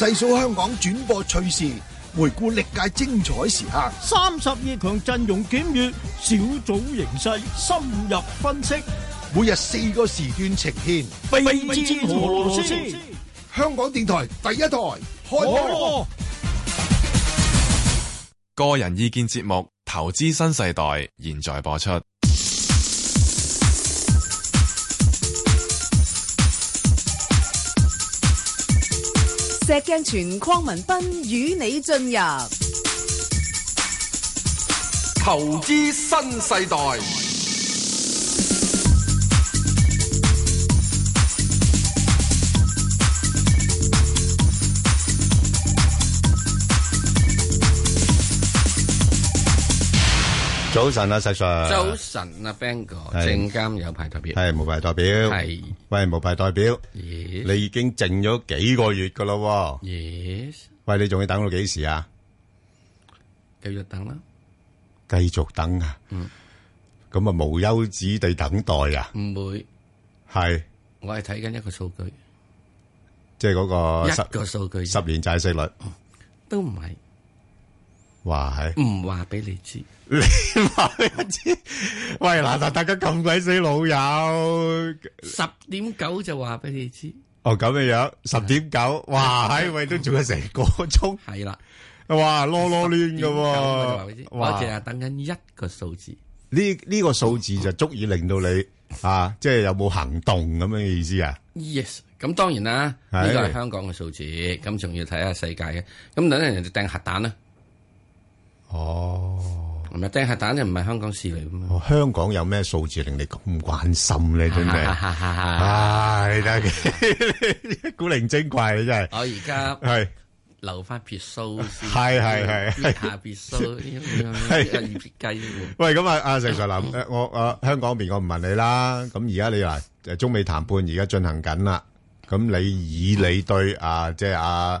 細數香港轉播趣事，回顧歷屆精彩時刻。三十二強陣容檢閱，小組形勢深入分析，每日四個時段呈現。FIFA 俄羅斯，香港電台第一台開播。個人意見節目《投資新世代》現在播出。石鏡泉、鄺民彬與你進入投資新世代。早晨啊，石 Sir。早晨啊，彬哥，證監有派代表。係無派代表。係。喂，無派代表。咦？你已經淨咗幾個月噶咯？Yes。喂，你仲要等到幾時啊？繼續等啦。繼續等啊。嗯。咁啊，無休止地等待啊。唔會。係。我係睇緊一個數據。即係嗰個一個數據。十年債息率。都唔係。話係唔話俾你知，你話俾我知。喂，嗱嗱，大家咁鬼死老友，十點九就話俾你知。哦，咁樣樣，十點九，哇，唉，喂，都做咗成個鐘，係啦，哇，囉囉攣噶，淨係等緊一個數字。呢呢個數字就足以令到你啊，即係有冇行動咁樣嘅意思啊？Yes。咁當然啦，呢個係香港嘅數字，咁仲要睇下世界嘅。咁等陣人哋掟核彈啦。哦，唔係地下蛋就唔係香港事嚟噶嘛？香港有咩數字令你咁關心呢？真係，唉，你睇，古靈精怪，你真係。我而家係留翻別墅，係係係，下別墅，係雞。喂，咁啊，阿石 sir 林，我啊香港邊，我唔問你啦。咁而家你嗱，誒，中美談判而家進行緊啦。咁你以你對啊，即係啊。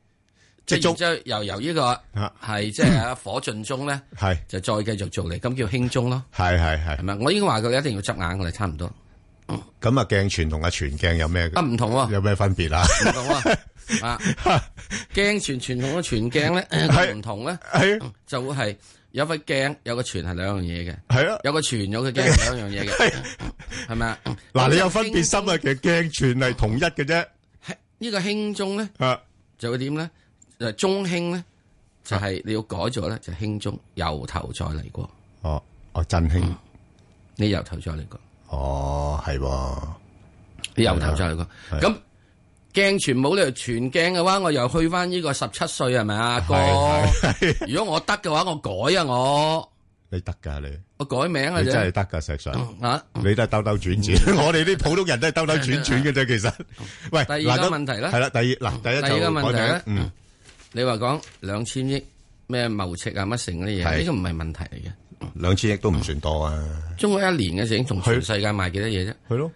即係然之後又由呢個係即係阿火盡鐘咧，係就再繼續做嚟，咁叫輕鐘咯。係係係，係咪？我應該話佢一定要執硬我哋差唔多。咁啊，鏡泉同阿泉鏡有咩？啊唔同，有咩分別啊？唔同啊，鏡泉泉同阿泉鏡咧唔同咧，係就會係有塊鏡有個泉係兩樣嘢嘅，係咯，有個泉有塊鏡係兩樣嘢嘅，係咪啊？嗱，你有分別心啊，其實鏡泉係同一嘅啫。係呢個輕鐘咧，啊就會點咧？誒，中興咧就係你要改咗咧就興中，由頭再嚟過。哦哦，振興你由頭再嚟過。哦，係喎，你由頭再嚟過。咁鏡全冇你咧，全鏡嘅話，我又去翻呢個十七歲係咪啊？如果我得嘅話，我改啊我。你得噶？你？我改名啊！你真係得噶石生啊！你都係兜兜轉轉，我哋啲普通人都係兜兜轉轉嘅啫。其實，喂，第二個問題咧，係啦，第二嗱，第一個問題咧，嗯。你話講兩千億咩貿赤啊乜成嗰啲嘢，呢個唔係問題嚟嘅。兩千億都唔算多啊。中國一年嘅嘢同全世界賣幾多嘢啫？係咯，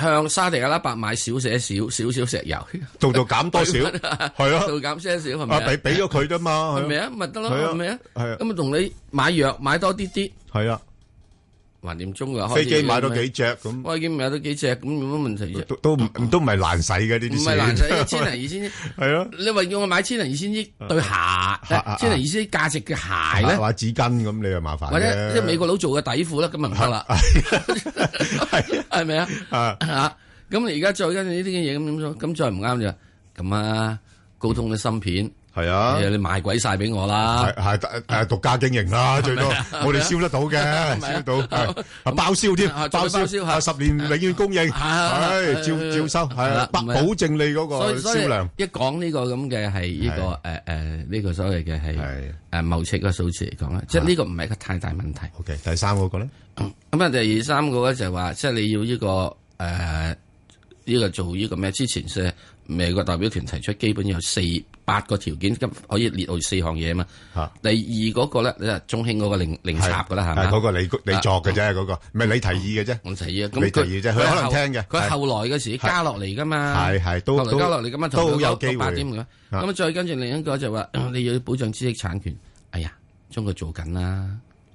向沙地阿拉伯買少些少少少石油，仲仲減多少？係咯，少減些少咪咪俾俾咗佢啫嘛，係咪啊？咪得咯，係咪啊？係。咁咪同你買藥買多啲啲。係啊。橫掂中噶，飛機買多幾隻咁，我已經、嗯、買多幾隻咁有乜問題？都都唔都唔係難使嘅呢啲。唔係難使，千零二千億，係啊！你話叫我買千零二千億對鞋，千零二千億價值嘅鞋咧？買紙巾咁你又麻煩，或者即係美國佬做嘅底褲啦，咁啊唔得啦，係咪 是嗎 啊？吓咁你而家再跟呢啲嘅嘢咁咁咁再唔啱就咁啊！高通嘅芯片。係啊，你賣鬼晒俾我啦，係係誒獨家經營啦，最多我哋燒得到嘅，燒得到，包銷添，包銷，十年永遠供應，係照照收，係保證你嗰個銷量。一講呢個咁嘅係呢個誒誒呢個所謂嘅係誒貿赤嘅數字嚟講咧，即係呢個唔係一個太大問題。OK，第三嗰個咧，咁啊第二三嗰個就係話，即係你要呢個誒呢個做呢個咩？之前咧美國代表團提出，基本有四。八個條件，咁可以列到四項嘢啊嘛。第二嗰個咧，你話中興嗰個零零插噶啦，係嘛？係嗰個你你作嘅啫，嗰個咪你提議嘅啫。我提議啊，你提議啫，佢可能聽嘅。佢後來嘅時加落嚟噶嘛。係係，都都都有機會。咁啊，再跟住另一個就話你要保障知識產權。哎呀，中國做緊啦。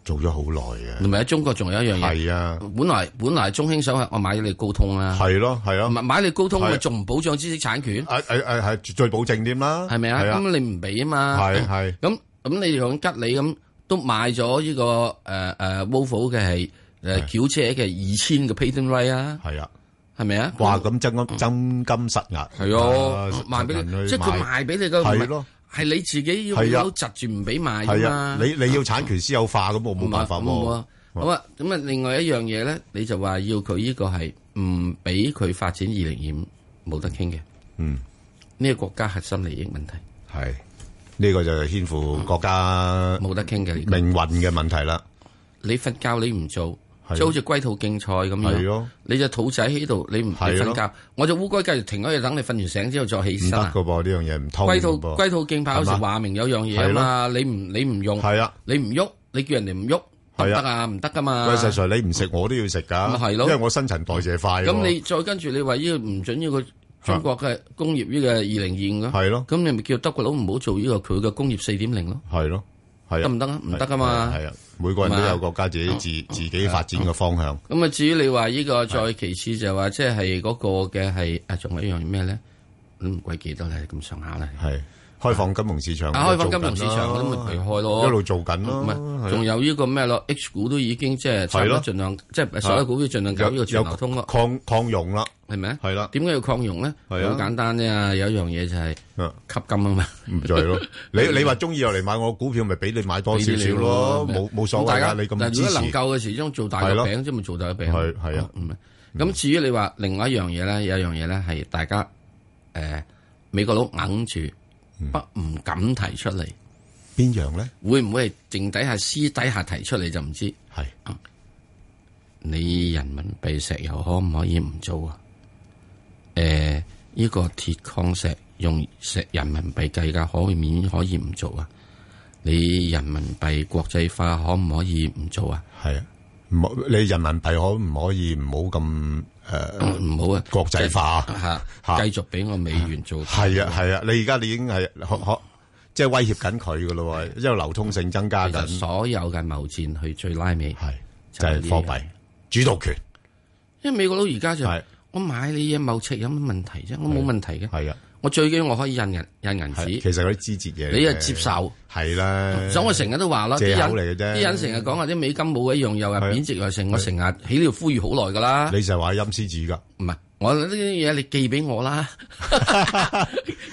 做咗好耐嘅，唔係喺中國仲有一樣嘢，係啊，本來本來中興想我買你高通啦，係咯係咯，唔係買你高通，咪仲唔保障知識產權？誒誒誒，係最保證點啦，係咪啊？咁你唔俾啊嘛，係係，咁咁你用吉利咁都買咗呢個誒誒 Volvo 嘅係誒轎車嘅二千嘅 Patent Right 啊，係啊，係咪啊？哇！咁真金真金實銀，係咯，賣俾即係佢賣俾你嘅，係咯。係你自己要執住唔俾賣噶嘛？啊、你你要產權私有化，咁我冇辦法喎。好啊，咁啊，另外一樣嘢咧，你就話要佢呢個係唔俾佢發展二零二五冇得傾嘅。嗯，呢個國家核心利益問題係呢、這個就係牽乎國家冇得傾嘅命運嘅問題啦、這個。你佛教你唔做？即係好似龜兔競賽咁樣，你隻兔仔喺度，你唔使瞓覺，我隻烏龜繼續停喺度等你瞓完醒之後再起身。唔得噶噃，呢樣嘢唔通。龜兔龜兔競跑好似話明有樣嘢啊嘛，你唔你唔用，你唔喐，你叫人哋唔喐唔得啊，唔得噶嘛。喂 s i 你唔食我都要食㗎，因為我新陳代謝快。咁你再跟住你話呢個唔準呢個中國嘅工業呢個二零二五啊？係咯。咁你咪叫德國佬唔好做呢個佢嘅工業四點零咯。係咯。係得唔得啊？唔得噶嘛！係啊，每個人都有國家自己是自己自己發展嘅方向。咁啊，至於你話呢個再其次就係話，的即係嗰個嘅係啊，仲有一樣咩咧？嗯，鬼記得咧，咁上下啦。係。開放金融市場，一路做緊啦。一路做緊咯。唔係，仲有呢個咩咯？H 股都已經即係，係咯，儘量即係所有股票儘量搞呢個全流通咯。擴擴容啦，係咪啊？係啦。點解要擴容咧？好簡單啫啊！有一樣嘢就係吸金啊嘛。咪就係咯。你你話中意又嚟買我股票，咪俾你買多少少咯。冇冇所謂啊！你咁支持。但係如果能夠嘅時鐘做大個餅，即咪做大個餅。係係啊。咁至於你話另外一樣嘢咧，有一樣嘢咧係大家誒美國佬硬住。嗯、不唔敢提出嚟，邊樣咧？會唔會係淨底下私底下提出嚟就唔知？係、啊嗯、你人民幣石油可唔可以唔做啊？誒、呃、呢、這個鐵礦石用石人民幣計價可以免可以唔做啊？你人民幣國際化可唔可以唔做啊？係啊，冇你人民幣可唔可以唔好咁？誒，唔好啊！國際化吓吓，繼續俾我美元做，係啊係啊，你而家你已經係可可，即係威脅緊佢噶咯，因為流通性增加緊，所有嘅貿易戰去最拉尾係就係貨幣主導權，因為美國佬而家就係我買你嘢貿赤有乜問題啫，我冇問題嘅係啊。我最緊要我可以印銀印銀紙，其實嗰啲枝節嘢，你啊接受係啦，所以我成日都話啦。啲人嚟嘅啫，啲人成日講話啲美金冇嘅用，又話貶值又成，我成日喺呢度呼籲好耐噶啦。你成日話陰獅子噶，唔係我呢啲嘢你寄俾我啦，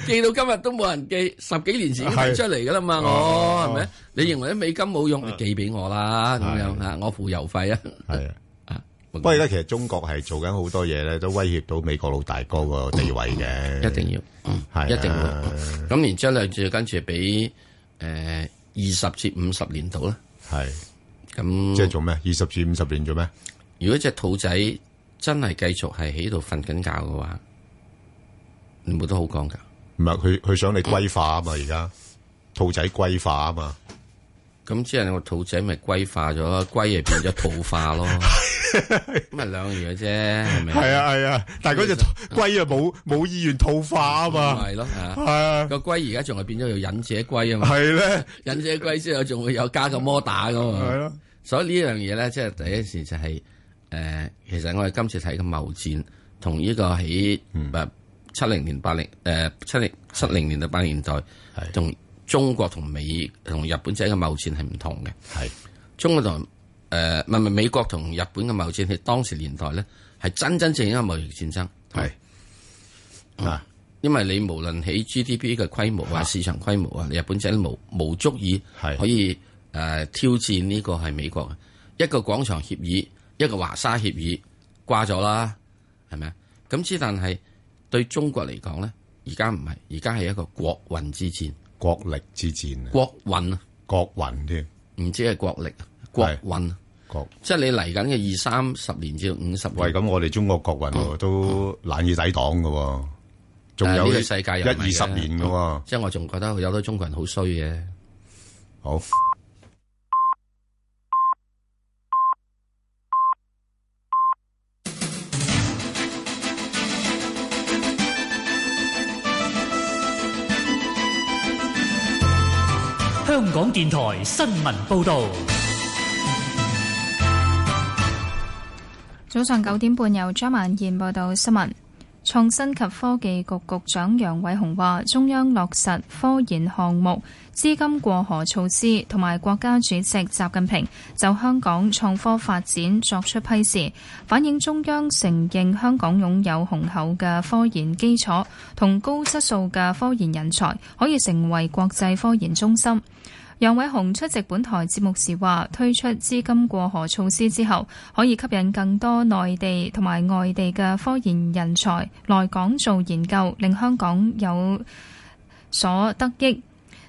寄到今日都冇人寄，十幾年前已經寄出嚟噶啦嘛，我係咪？你認為啲美金冇用，你寄俾我啦，咁樣啊，我付郵費啊。不過而家其實中國係做緊好多嘢咧，都威脅到美國老大哥個地位嘅、嗯嗯嗯。一定要，係、嗯，啊、一定要。咁、嗯嗯嗯、然之後咧，再跟住俾誒二十至五十年度啦。係是，咁、嗯、即係做咩？二十至五十年做咩？如果隻兔仔真係繼續係喺度瞓緊覺嘅話，你冇得好講噶。唔係，佢佢想你龜化啊嘛，而家、嗯、兔仔龜化啊嘛。咁之後，個兔仔咪龜化咗，龜又變咗土化咯，咁咪兩樣嘢啫，係咪？係啊係，啊，但係嗰隻龜冇冇意願套化啊嘛，係咯，係啊，個龜而家仲係變咗條忍者龜啊嘛，係咧，忍者龜之後仲會有加個魔打㗎嘛。係咯，所以呢樣嘢咧，即係第一時就係誒，其實我哋今次睇嘅謀戰同呢個喺唔係七零年八零誒七零七零年代同。中國同美同日本仔嘅貿易戰係唔同嘅。係是中國同誒係係美國同日本嘅貿易戰，喺當時年代咧係真真正正嘅貿易戰爭係是、嗯、啊。因為你無論喺 GDP 嘅規模，規模啊，市場規模啊，你日本仔無冇足以係可以誒挑戰呢個係美國嘅一個廣場協議，一個華沙協議掛咗啦，係咪啊？咁之但係對中國嚟講咧，而家唔係，而家係一個國運之戰。國力之戰啊運運，國運啊，國運添，唔知係國力啊，國運，國，即係你嚟緊嘅二三十年至五十年，喂，咁我哋中國國運、嗯、都難以抵擋嘅，仲、嗯、有喺世界一二十年嘅喎、嗯，即係我仲覺得有好多中國人好衰嘅。好。香港電台新聞報道，早上九點半由張萬燕報道新聞。創新及科技局局長楊偉雄話，中央落實科研項目資金過河措施，同埋國家主席習近平就香港創科發展作出批示，反映中央承認香港擁有雄厚嘅科研基礎同高質素嘅科研人才，可以成為國際科研中心。楊偉雄出席本台節目時話，推出資金過河措施之後，可以吸引更多內地同埋外地嘅科研人才來港做研究，令香港有所得益。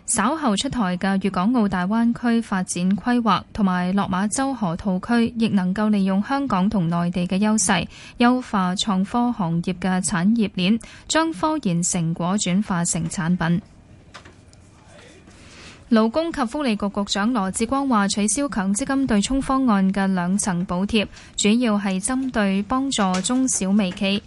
稍後出台嘅粵港澳大灣區發展規劃同埋落馬洲河套區亦能夠利用香港同內地嘅優勢，優化創科行業嘅產業鏈，將科研成果轉化成產品。勞工及福利局局長羅志光話：取消強積金對沖方案嘅兩層補貼，主要係針對幫助中小微企。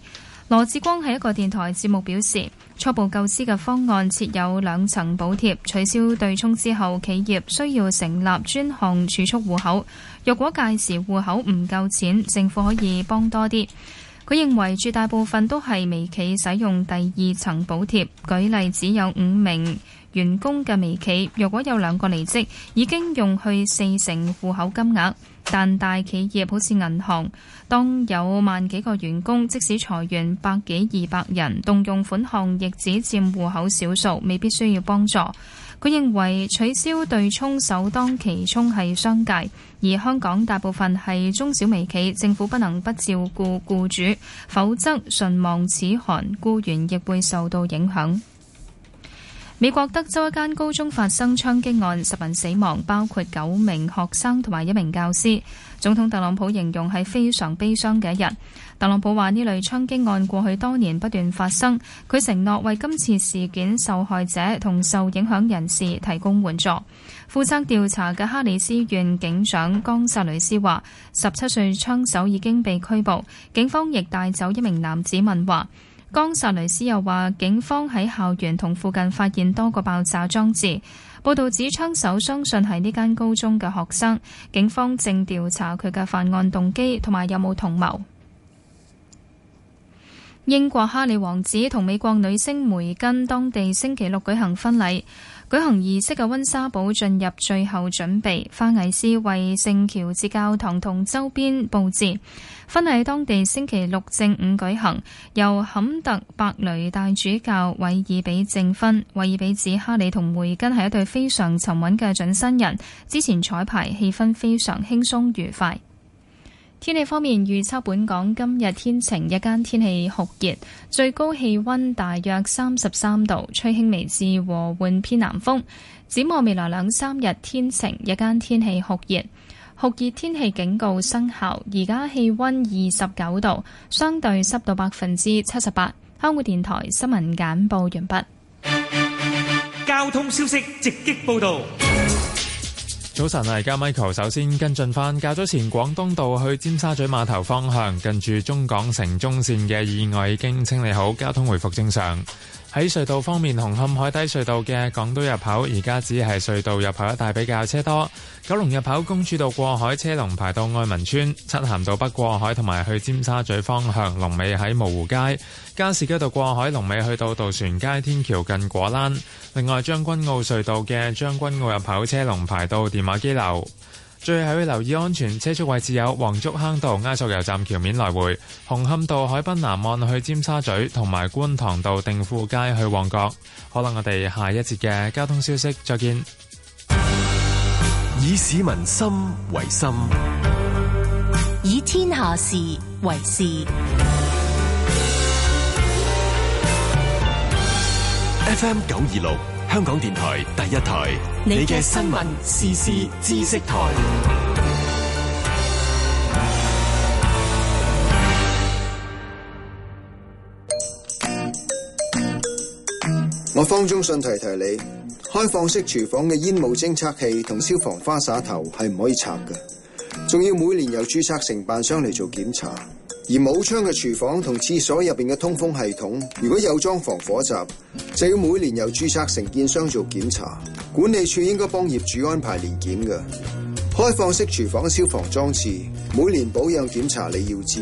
羅志光喺一個電台節目表示，初步構思嘅方案設有兩層補貼，取消對沖之後，企業需要成立專項儲蓄戶口。若果屆時戶口唔夠錢，政府可以幫多啲。佢認為，絕大部分都係微企使用第二層補貼。舉例，只有五名員工嘅微企，若果有兩個離職，已經用去四成戶口金額。但大企業好似銀行，當有萬幾個員工，即使裁員百幾二百人，動用款項亦只佔戶口少數，未必需要幫助。佢認為取消對沖，首當其衝係商界，而香港大部分係中小微企，政府不能不照顧僱主，否則唇亡齒寒，僱員亦會受到影響。美國德州一間高中發生槍擊案，十人死亡，包括九名學生同埋一名教師。總統特朗普形容係非常悲傷嘅一日。特朗普話呢類槍擊案過去多年不斷發生，佢承諾為今次事件受害者同受影響人士提供援助。負責調查嘅哈里斯縣警長岡薩雷斯話，十七歲槍手已經被拘捕，警方亦帶走一名男子問話。江薩雷斯又話，警方喺校園同附近發現多個爆炸裝置。報道指槍手相信係呢間高中嘅學生，警方正調查佢嘅犯案動機同埋有冇同謀。英國哈里王子同美國女星梅根當地星期六舉行婚禮，舉行儀式嘅溫莎堡進入最後準備，花藝師為聖喬治教堂同周邊佈置。婚禮當地星期六正午舉行，由坎特伯雷大主教韋爾比證婚。韋爾比指哈利同梅根係一對非常沉穩嘅準新人，之前彩排氣氛非常輕鬆愉快。天氣方面預測，本港今日天晴，日間天氣酷熱，最高氣溫大約三十三度，吹輕微至和緩偏南風。展望未來兩三日，天晴，日間天氣酷熱。酷熱天氣警告生效，而家氣温二十九度，相對濕度百分之七十八。香港電台新聞簡報完畢。交通消息直擊報道。早晨係加 Michael，首先跟進返，較早前廣東道去尖沙咀碼頭方向近住中港城中線嘅意外已經清理好，交通回復正常。喺隧道方面，紅磡海底隧道嘅港島入口而家只係隧道入口一帶比較車多。九龍入口公主道過海車龍排到愛民村，漆咸道北過海同埋去尖沙咀方向龍尾喺蕪湖街。加士居道過海龍尾去到渡船街天橋近果欄。另外，將軍澳隧道嘅將軍澳入口車龍排到電話機樓。最後要留意安全車速位置有黃竹坑道埃索油站橋面來回、紅磡道海濱南岸去尖沙咀，同埋觀塘道定富街去旺角。可能我哋下一節嘅交通消息再見。以市民心為心，以天下事為事。F M 九二六。香港電台第一台，你嘅新聞時事知識台。我方中信提提你，開放式廚房嘅煙霧偵測器同消防花灑頭係唔可以拆嘅，仲要每年由註冊承辦商嚟做檢查。而冇窗嘅廚房同廁所入邊嘅通風系統，如果有裝防火閘，就要每年由註冊承建商做檢查。管理處應該幫業主安排年檢㗎。開放式廚房消防裝置每年保養檢查，你要知。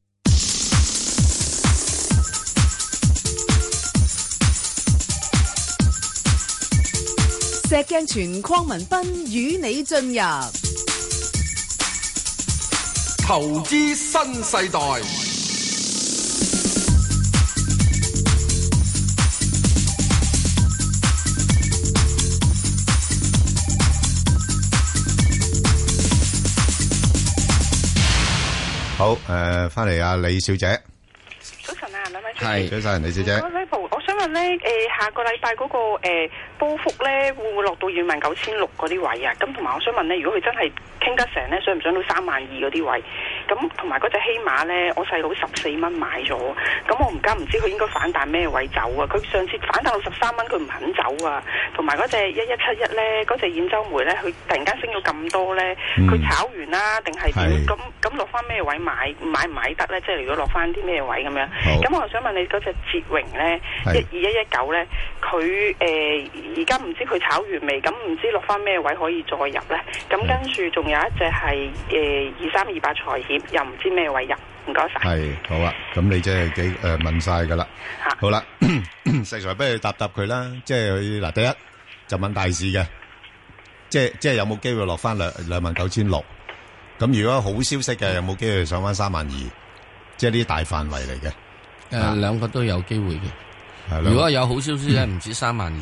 石鏡泉鄺民彬與你進入投資新世代。好，誒，翻嚟啊，李小姐。早晨啊，兩位。係。早晨，李小姐。我想問咧，誒，下個禮拜嗰個誒。高幅咧會唔會落到二萬九千六嗰啲位啊？咁同埋我想問咧，如果佢真係傾得成咧，想唔想到三萬二嗰啲位？咁同埋嗰隻希馬咧，我細佬十四蚊買咗，咁我而家唔知佢應該反彈咩位走啊？佢上次反彈到十三蚊，佢唔肯走啊。同埋嗰隻一一七一咧，嗰隻兗州煤咧，佢突然間升咗咁多咧，佢炒完啦定係點？咁咁落翻咩位買買唔買得咧？即係如果落翻啲咩位咁樣？咁我又想問你嗰隻捷榮咧，一二一一九咧，佢誒？而家唔知佢炒完未？咁唔知落翻咩位可以再入咧？咁跟住仲有一隻係，誒，二三二八財險，又唔知咩位入？唔該晒。係好啊！咁你即係幾誒問晒噶啦？好啦，食在不如答答佢啦。即係嗱，第一就問大市嘅，即係即係有冇機會落翻兩兩萬九千六？咁如果好消息嘅，有冇機會上翻三萬二？即係呢啲大範圍嚟嘅。誒，兩個都有機會嘅。如果有好消息咧，唔止三萬二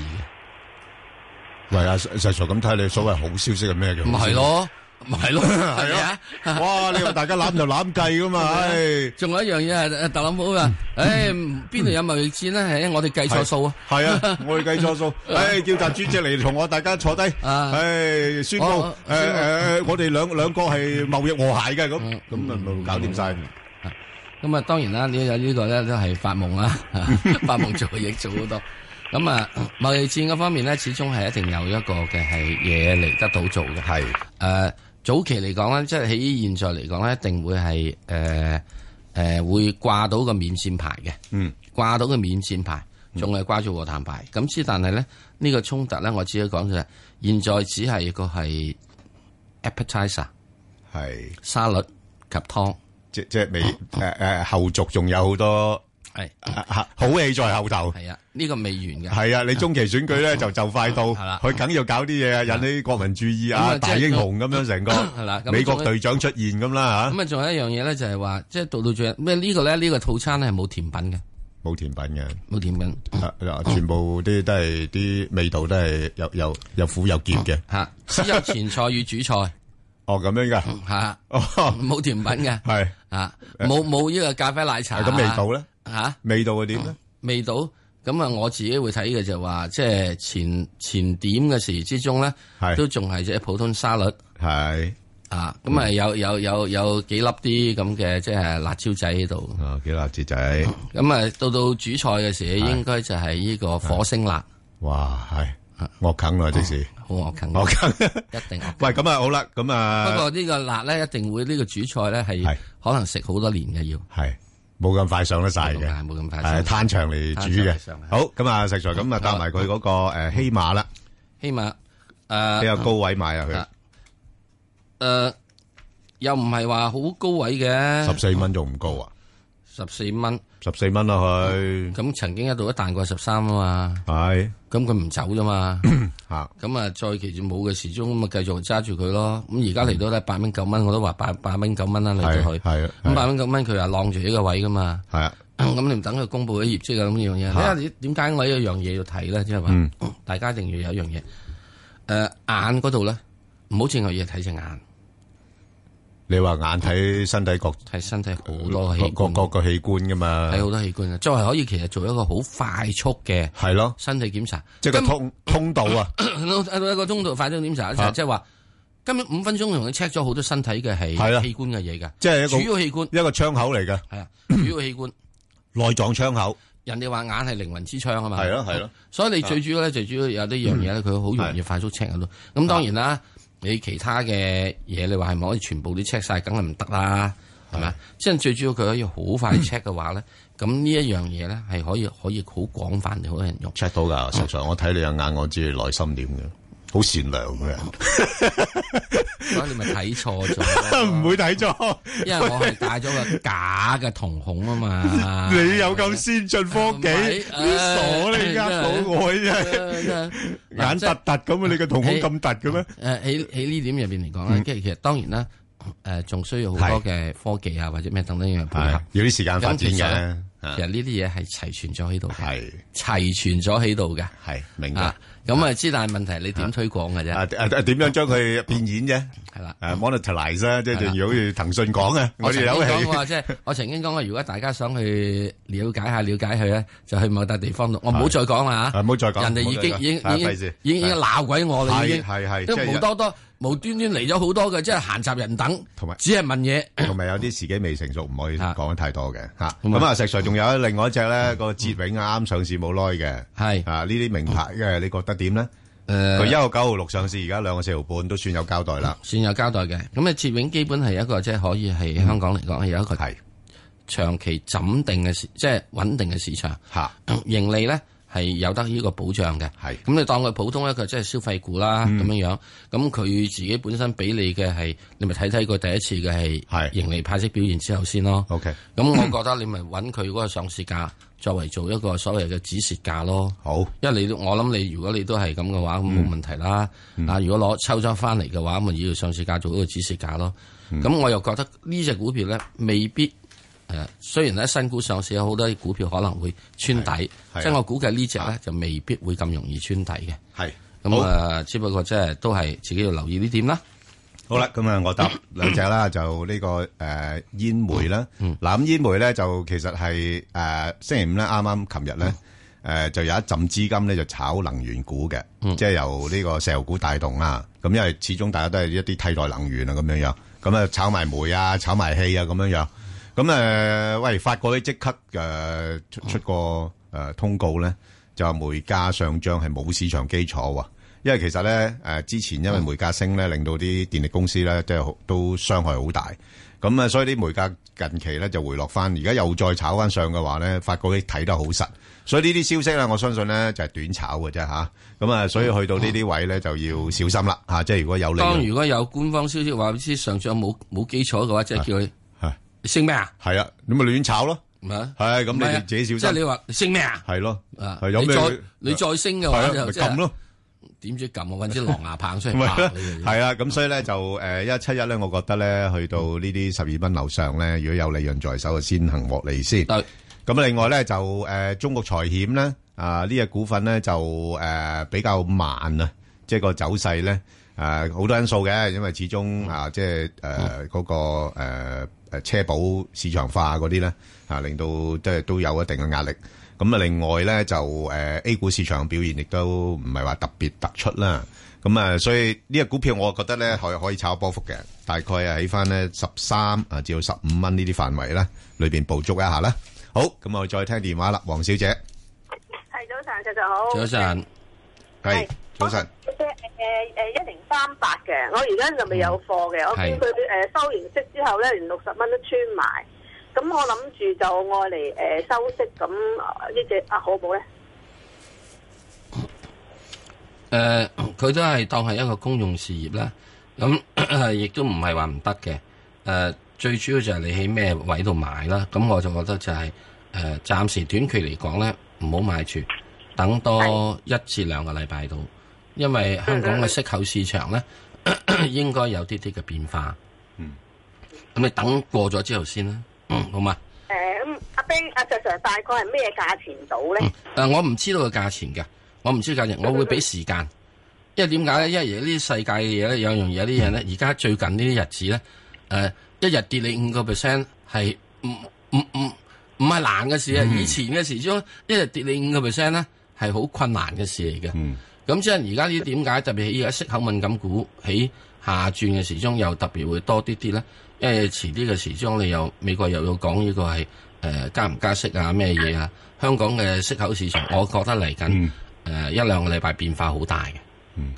喂啊，就就咁睇，你所謂好消息係咩嘅？唔係咯，唔係咯，係啊！哇，你話大家攬就攬計噶嘛？唉，仲有一樣嘢係，特朗普話：，唉，邊度有貿易戰呢？唉，我哋計錯數啊！係啊，我哋計錯數，唉，叫達主席嚟，同我大家坐低啊！唉，宣布，誒誒，我哋兩兩個係貿易和諧嘅，咁咁啊，就搞掂晒。咁啊，當然啦，你有呢度咧都係發夢啦，發夢做嘢做好多。咁啊，貿易戰嗰方面咧，始終係一定有一個嘅係嘢嚟得到做嘅。係是，誒、呃、早期嚟講咧，即係喺現在嚟講咧，一定會係誒誒會掛到個免戰牌嘅。嗯，掛到個免戰牌，仲係掛住和談牌。咁之、嗯，但係咧呢、這個衝突咧，我只可以講就係現在只係一個係 appetizer，係是沙律及湯即即係未誒誒、嗯、後續仲有好多。係好戲在後頭。係啊，呢個未完嘅。係啊，你中期選舉咧就就快到，佢梗要搞啲嘢啊，引起國民注意啊，大英雄咁樣成個係啦。美國隊長出現咁啦吓。咁啊，仲有一樣嘢咧，就係話即係到到最咩呢個咧？呢個套餐咧係冇甜品嘅，冇甜品嘅，冇甜品。全部啲都係啲味道都係有又又苦有澀嘅吓，只有前菜與主菜。哦，咁樣噶，吓，哦，冇甜品嘅，係，啊，冇冇呢個咖啡奶茶，係咁味道咧，吓，味道係點咧？味道，咁啊，我自己會睇嘅就話，即係前前點嘅時之中咧，係都仲係只普通沙律，係，啊，咁啊有有有有幾粒啲咁嘅即係辣椒仔喺度，啊，幾辣椒仔，咁啊到到主菜嘅時應該就係呢個火星辣，哇，係，我啃耐即時。我啃，我啃，一定。喂，咁啊好啦，咁啊。不過呢個辣咧，一定會呢個主菜咧係，可能食好多年嘅要。係，冇咁快上得晒嘅，係冇咁快。係攤長嚟煮嘅。好，咁啊，食材咁啊，搭埋佢嗰個誒，希馬啦，希馬誒，比較高位買入去。誒，又唔係話好高位嘅，十四蚊仲唔高啊？十四蚊，十四蚊啊！佢咁、嗯嗯、曾經一度一彈過十三啊嘛，係咁佢唔走啫嘛，吓咁啊再其住冇嘅時鐘咁咪繼續揸住佢咯，咁而家嚟到咧八蚊九蚊我都話八八蚊九蚊啦嚟咗佢，係啊，咁八蚊九蚊佢話晾住呢個位噶嘛，係 啊，咁你唔等佢公布咗業績啊咁呢樣嘢，點解我一樣嘢要睇咧？即係話，大家一定要有一樣嘢，誒、呃、眼嗰度咧，唔好淨係要睇隻眼。你話眼睇身體各睇身體好多器官，各各個器官噶嘛？睇好多器官啊，即係可以其實做一個好快速嘅，係咯身體檢查，即係個通通道啊，一個通道，快速鐘檢查一齊，即係話，今日五分鐘同你 check 咗好多身體嘅係器官嘅嘢噶，即係一個主要器官，一個窗口嚟噶，係啊，主要器官內臟窗口。人哋話眼係靈魂之窗啊嘛，係咯係咯，所以你最主要咧，最主要有呢樣嘢咧，佢好容易快速 check 到。咁當然啦。你其他嘅嘢，你話係咪可以全部都 check 晒，梗係唔得啦，係咪？即係是的 最主要佢可以好快 check 嘅話咧，咁呢一樣嘢咧係可以可以好廣泛，好多人用 check 到噶。實在、嗯、我睇你嘅眼，我知你內心點嘅。好善良嘅人 所以咪睇錯咗。唔會睇錯，因為我係戴咗個假嘅瞳孔啊嘛。 你有咁先進科技，啲、 啊哎、傻你呃到我，真眼凸凸咁、嗯、你嘅瞳孔咁凸嘅咩？誒，喺喺呢點入邊嚟講咧，即係、嗯、其實當然啦，誒、呃，仲需要好多嘅科技啊，或者咩等等嘅配合，有啲時間發展嘅。其實呢啲嘢係齊全咗喺度嘅，係齊全咗喺度嘅，係明噶。咁啊，知，但係問題你點推廣嘅啫？啊啊，點樣將佢變現啫？係啦，monetize 啊，即係仲要好似騰訊講啊。我曾經講過，即係我曾經講過，如果大家想去了解下、了解佢咧，就去某笪地方度。我唔好再講啦吓，唔好再講。人哋已經已經已經已經鬧鬼我啦，已經係係都無多多。無端端嚟咗好多嘅，即係閒雜人等，同埋只係問嘢，同埋有啲時機未成熟，唔可以講得太多嘅。吓咁啊，石 Sir 仲有另外一隻咧，個捷永啱上市冇耐嘅，係啊呢啲名牌嘅，你覺得點呢？誒，佢一號九號六上市，而家兩個四毫半都算有交代啦，算有交代嘅。咁啊，捷永基本係一個即係可以喺香港嚟講係有一個係長期怎定嘅市，即係穩定嘅市場。吓盈利咧。係有得呢個保障嘅，係咁是你當佢普通咧，佢即係消費股啦咁樣，嗯、樣，咁佢自己本身俾你嘅係，你咪睇睇佢第一次嘅係盈利派息表現之後先咯。OK，咁是、嗯嗯、我覺得你咪揾佢嗰個上市價作為做一個所謂嘅指示價咯。好，因為你我諗你如果你都係咁嘅話，冇問題啦。嗯嗯、啊，如果攞抽咗翻嚟嘅話，咪要上市價做一個指示價咯。咁、嗯嗯、我又覺得呢隻股票咧未必。誒，雖然咧新股上市有好多股票可能會穿底，即係我估計呢隻咧 就未必會咁容易穿底嘅。係，咁啊，只不過即、就、係、是、都係自己要留意呢點啦。好啦，咁啊，我答兩隻啦，就呢個誒煙煤啦。嗱，咁煙煤咧就其實係誒、啊、星期五咧，啱啱琴日咧，誒、呃、就有一陣資金咧就炒能源股嘅，即係 由呢個石油股帶動啦。咁因為始終大家都係一啲替代能源啊，咁樣樣, tin, 樣，樣，咁啊炒埋煤啊，炒埋氣啊，咁樣樣。咁誒、嗯，喂！法國啲即刻誒、呃、出出個誒、呃、通告咧，就話煤價上漲係冇市場基礎喎。因為其實咧，誒、呃、之前因為煤價升咧，令到啲電力公司咧即係都傷害好大。咁、嗯、啊，所以啲煤價近期咧就回落翻。而家又再炒翻上嘅話咧，法國啲睇得好實。所以呢啲消息咧，我相信咧就係、是、短炒嘅啫吓，咁啊，所以去到呢啲位咧就要小心啦嚇、啊。即係如果有利，當如果有官方消息話啲上漲冇冇基礎嘅話，即係叫佢。升咩啊？係啊，你咪亂炒咯。係咁，你自己小心。即係你話升咩啊？係咯，係有咩？你再升嘅話就撳咯。點知撳啊？搵支狼牙棒出嚟拍你。係啊，咁所以咧就誒，一七一咧，我覺得咧去到呢啲十二蚊樓上咧，如果有利潤在手，就先行獲利先。係咁啊。另外咧就誒，中國財險咧啊，呢隻股份咧就誒比較慢啊，即係個走勢咧誒好多因素嘅，因為始終啊即係誒嗰個誒。誒，車保市場化嗰啲咧，吓令到即係都有一定嘅壓力。咁啊，另外咧就誒，A 股市場嘅表現亦都唔係話特別突出啦。咁啊，所以呢個股票我啊覺得咧，可可以炒一波幅嘅，大概啊喺翻咧十三啊至到十五蚊呢啲範圍咧，裏邊捕捉一下啦。好，咁我再聽電話啦，黃小姐。係早晨，早上好。早晨。係早晨。誒誒一零三八嘅，我而家就未有貨嘅，是我見佢誒收完息之後咧連六十蚊都穿埋，咁我諗住就愛嚟誒收息，咁、這個啊、呢隻啊好唔好咧？誒，佢都係當係一個公用事業啦，咁亦、uh, 都唔係話唔得嘅。誒、uh,，最主要就係你喺咩位度買啦？咁我就覺得就係誒暫時短期嚟講咧唔好買住，等多一至兩個禮拜度。因為香港嘅息口市場咧， 應該有啲啲嘅變化。嗯，咁你等過咗之後先啦，嗯。嗯，好嘛。誒，阿兵阿 Sir Sir 大概係咩價錢到咧？誒、嗯、呃，我唔知道個價錢嘅，我唔知價錢，我會俾時間。因為點解咧？因為呢啲世界嘅嘢咧，有樣嘢，有啲嘢咧，而家最近呢啲日子咧，誒、呃，一日跌你五個 percent 係唔唔唔唔係難嘅事啊！嗯、以前嘅時，將一日跌你五個 percent 咧，係好困難嘅事嚟嘅。嗯。嗯咁即係而家啲點解，特別係而家息口敏感股喺下轉嘅時鐘又特別會多啲啲咧？因為遲啲嘅時鐘你又美國又要講呢個係誒、呃、加唔加息啊咩嘢啊？香港嘅息口市場，我覺得嚟緊誒一兩個禮拜變化好大嘅。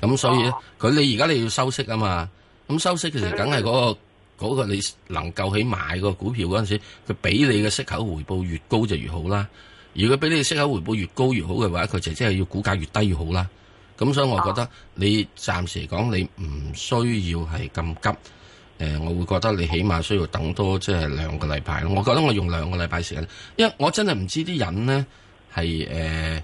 咁、嗯、所以咧，佢你而家你要收息啊嘛？咁收息其實、那個，梗係嗰個你能夠起買個股票嗰陣時，佢俾你嘅息口回報越高就越好啦。如果俾你嘅息口回報越高越好嘅話，佢就即係要股價越低越好啦。咁、嗯、所以，我覺得你暫時嚟講，你唔需要係咁急。誒、呃，我會覺得你起碼需要等多即係兩個禮拜。我覺得我用兩個禮拜時間，因為我真係唔知啲人咧係誒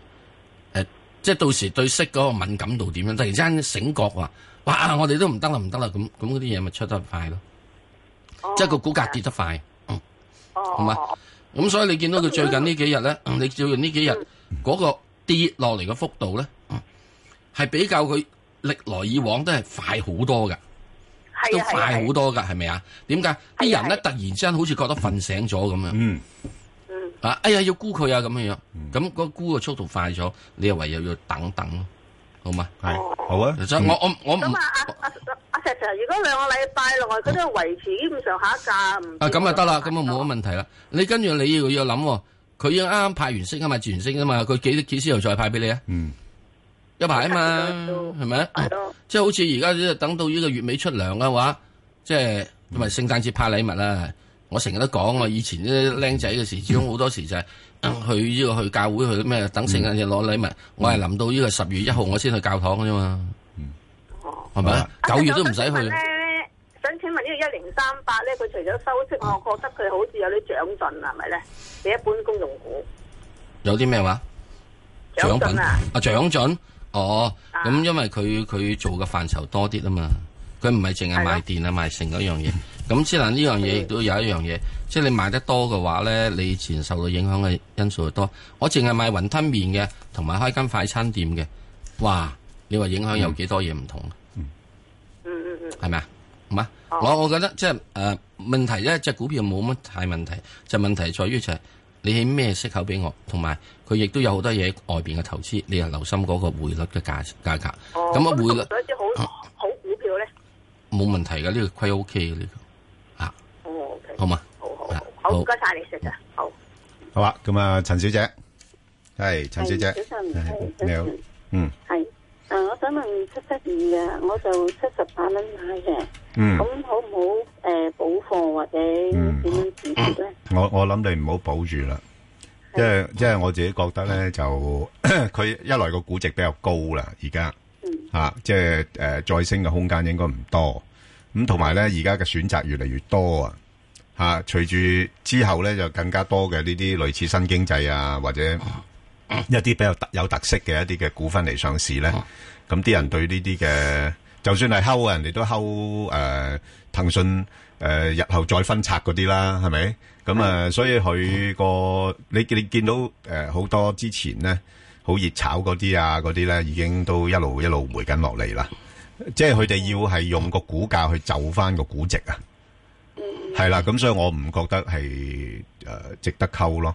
誒，即係到時對息嗰個敏感度點樣。突然之間醒覺話：哇！我哋都唔得啦，唔得啦！咁咁嗰啲嘢咪出得快咯，即係個股價跌得快，係嘛？咁。所以你見到佢最近呢幾日咧，你照呢幾日嗰個跌落嚟嘅幅度咧？係比較佢歷來以往都係快好多嘅，都快好多噶，係咪啊？點解啲人咧突然之間好似覺得瞓醒咗咁樣？嗯嗯啊！哎呀，要沽佢啊，咁樣樣，咁個沽嘅速度快咗，你又唯有要等等咯，好嘛？係好啊！即係我我我咁啊！阿阿阿石石，如果兩個禮拜內佢都維持咁上下一唔啊咁啊得啦，咁啊冇乜問題啦。你跟住你要要諗，佢要啱啱派完息啊嘛，完息啊嘛，佢幾幾時又再派俾你啊？嗯。一排啊嘛，係咪？即係好似而家，等到呢個月尾出糧嘅話，即、就、係、是、因為聖誕節派禮物啦、啊。我成日都講，我以前啲僆仔嘅時，始終好多時就係去呢個去教會去咩，等聖誕節攞禮物。嗯、我係諗到呢個十月一號，我先去教堂嘅嘛。哦，係咪？九月都唔使去。想、啊、請問呢？想請問呢個一零三八呢？佢除咗收息，我覺得佢好似有啲漲准，係咪咧？比一般公用股有啲咩話漲准啊？啊漲准？啊哦，咁、嗯啊、因為佢佢做嘅範疇多啲吖嘛，佢唔係淨係賣電啊賣成嗰樣嘢，咁之難呢樣嘢亦都有一樣嘢，啊、即係你賣得多嘅話咧，你以前受到影響嘅因素就多。我淨係賣雲吞麵嘅，同埋開間快餐店嘅，哇，你話影響有幾多嘢唔同？嗯嗯嗯，係咪啊？嘛、嗯，我、哦、我覺得即係誒問題咧，即係、呃、股票冇乜太問題，就問題在於就。你起咩息口俾我，同埋佢亦都有好多嘢喺外邊嘅投資，你又留心嗰個匯率嘅價價格。咁啊匯率想好，好股票咧，冇問題噶，呢個規 O K 嘅呢個啊，哦，好嘛，好好好，唔該晒你食啊，好，好啊，咁啊陳小姐，係陳小姐，你好，嗯，係。啊、嗯嗯，我想問七七二嘅，我就七十八蚊買嘅，咁好唔好誒補貨或者點樣持有咧？我我諗你唔好補住啦，即係即係我自己覺得咧就佢一來個估值比較高啦，而家吓即係誒、呃、再升嘅空間應該唔多，咁同埋咧而家嘅選擇越嚟越多啊吓，隨住之後咧就更加多嘅呢啲類似新經濟啊或者。一啲比較有特色嘅一啲嘅股份嚟上市咧，咁啲人對呢啲嘅，就算係溝啊，人哋都溝誒騰訊誒日後再分拆嗰啲啦，係咪？咁啊，所以佢個你你見到誒好多之前咧好熱炒嗰啲啊嗰啲咧，已經都一路一路回緊落嚟啦。即係佢哋要係用個股價去走翻個估值啊，係啦。咁所以我唔覺得係誒值得溝咯。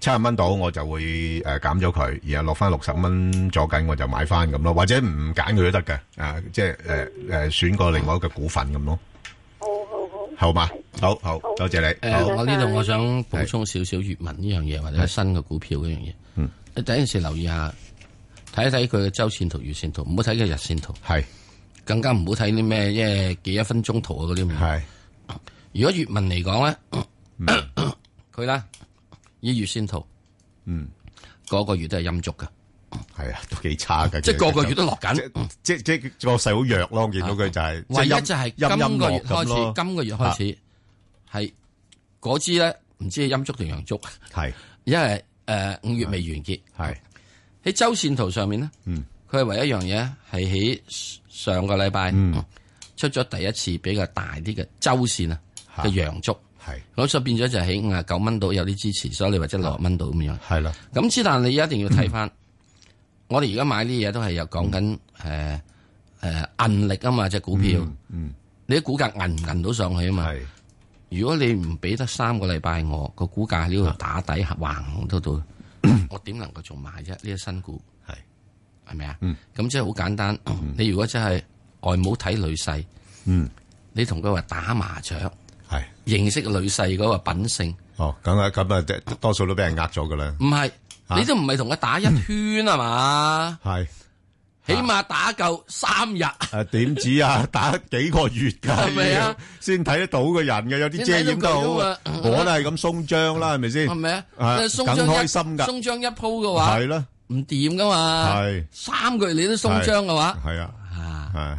七十蚊到，我就會誒減咗佢，然後落翻六十蚊左近，我就買翻咁咯。或者唔揀佢都得嘅，誒、啊，即係誒誒選個另外一個股份咁咯。好好好，嘛，好好，好多謝你。呃好呃、我呢度我想補充是少少粵文呢樣嘢，或者新嘅股票呢樣嘢。是你第一陣時留意下，睇一睇佢嘅周線圖、月線圖，唔好睇佢日線圖。係是，更加唔好睇啲咩，即係幾一分鐘圖啊嗰啲。係是。如果粵文嚟講咧，佢咧。 一月線圖，嗯，嗰個月都係陰燭噶，係啊，都幾差嘅。即係個個月都落緊，即係即個勢好弱咯。見到佢就係唯一就係今個月開始，今個月開始係嗰支咧，唔知係陰燭定陽燭。係因為誒五月未完結，係喺周線圖上面咧，嗯，佢係唯一一樣嘢係喺上個禮拜，嗯，出咗第一次比較大啲嘅周線啊嘅陽燭。係，咁所以變咗就起五啊九蚊度有啲支持，所以你或者六啊蚊度咁樣。係啦，咁之但你一定要睇翻，我哋而家買啲嘢都係有講緊誒誒，銀力啊嘛，隻股票，嗯，你啲股價銀唔銀到上去啊嘛？係，如果你唔俾得三個禮拜我個股價喺呢度打底橫橫到到，我點能夠做買啫？呢啲新股係係咪啊？咁即係好簡單，你如果真係外母睇女婿，嗯，你同佢話打麻雀。係認識女婿嗰個品性哦，咁啊咁啊，多數都俾人呃咗噶啦。唔係，你都唔係同佢打一圈啊嘛？係，起碼打夠三日。誒，點止啊？打幾個月噶？係咪啊？先睇得到個人嘅，有啲遮掩到啊！我都係咁鬆張啦，係咪先？係咪啊？鬆張更開心噶！鬆張一鋪嘅話係咯，唔掂噶嘛？係三個月你都鬆張嘅話，係啊，啊。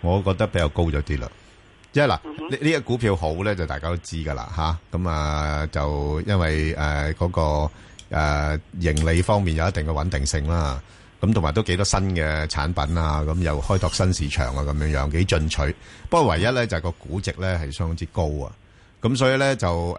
我覺得比較高咗啲啦，即係嗱呢呢個股票好咧，就大家都知噶啦吓，咁啊，啊就因為誒嗰、呃那個誒、啊、盈利方面有一定嘅穩定性啦，咁同埋都幾多新嘅產品啊，咁、啊、又開拓新市場啊，咁樣樣幾進取。不過唯一咧就係、個估值咧係相當之高啊，咁所以咧就誒誒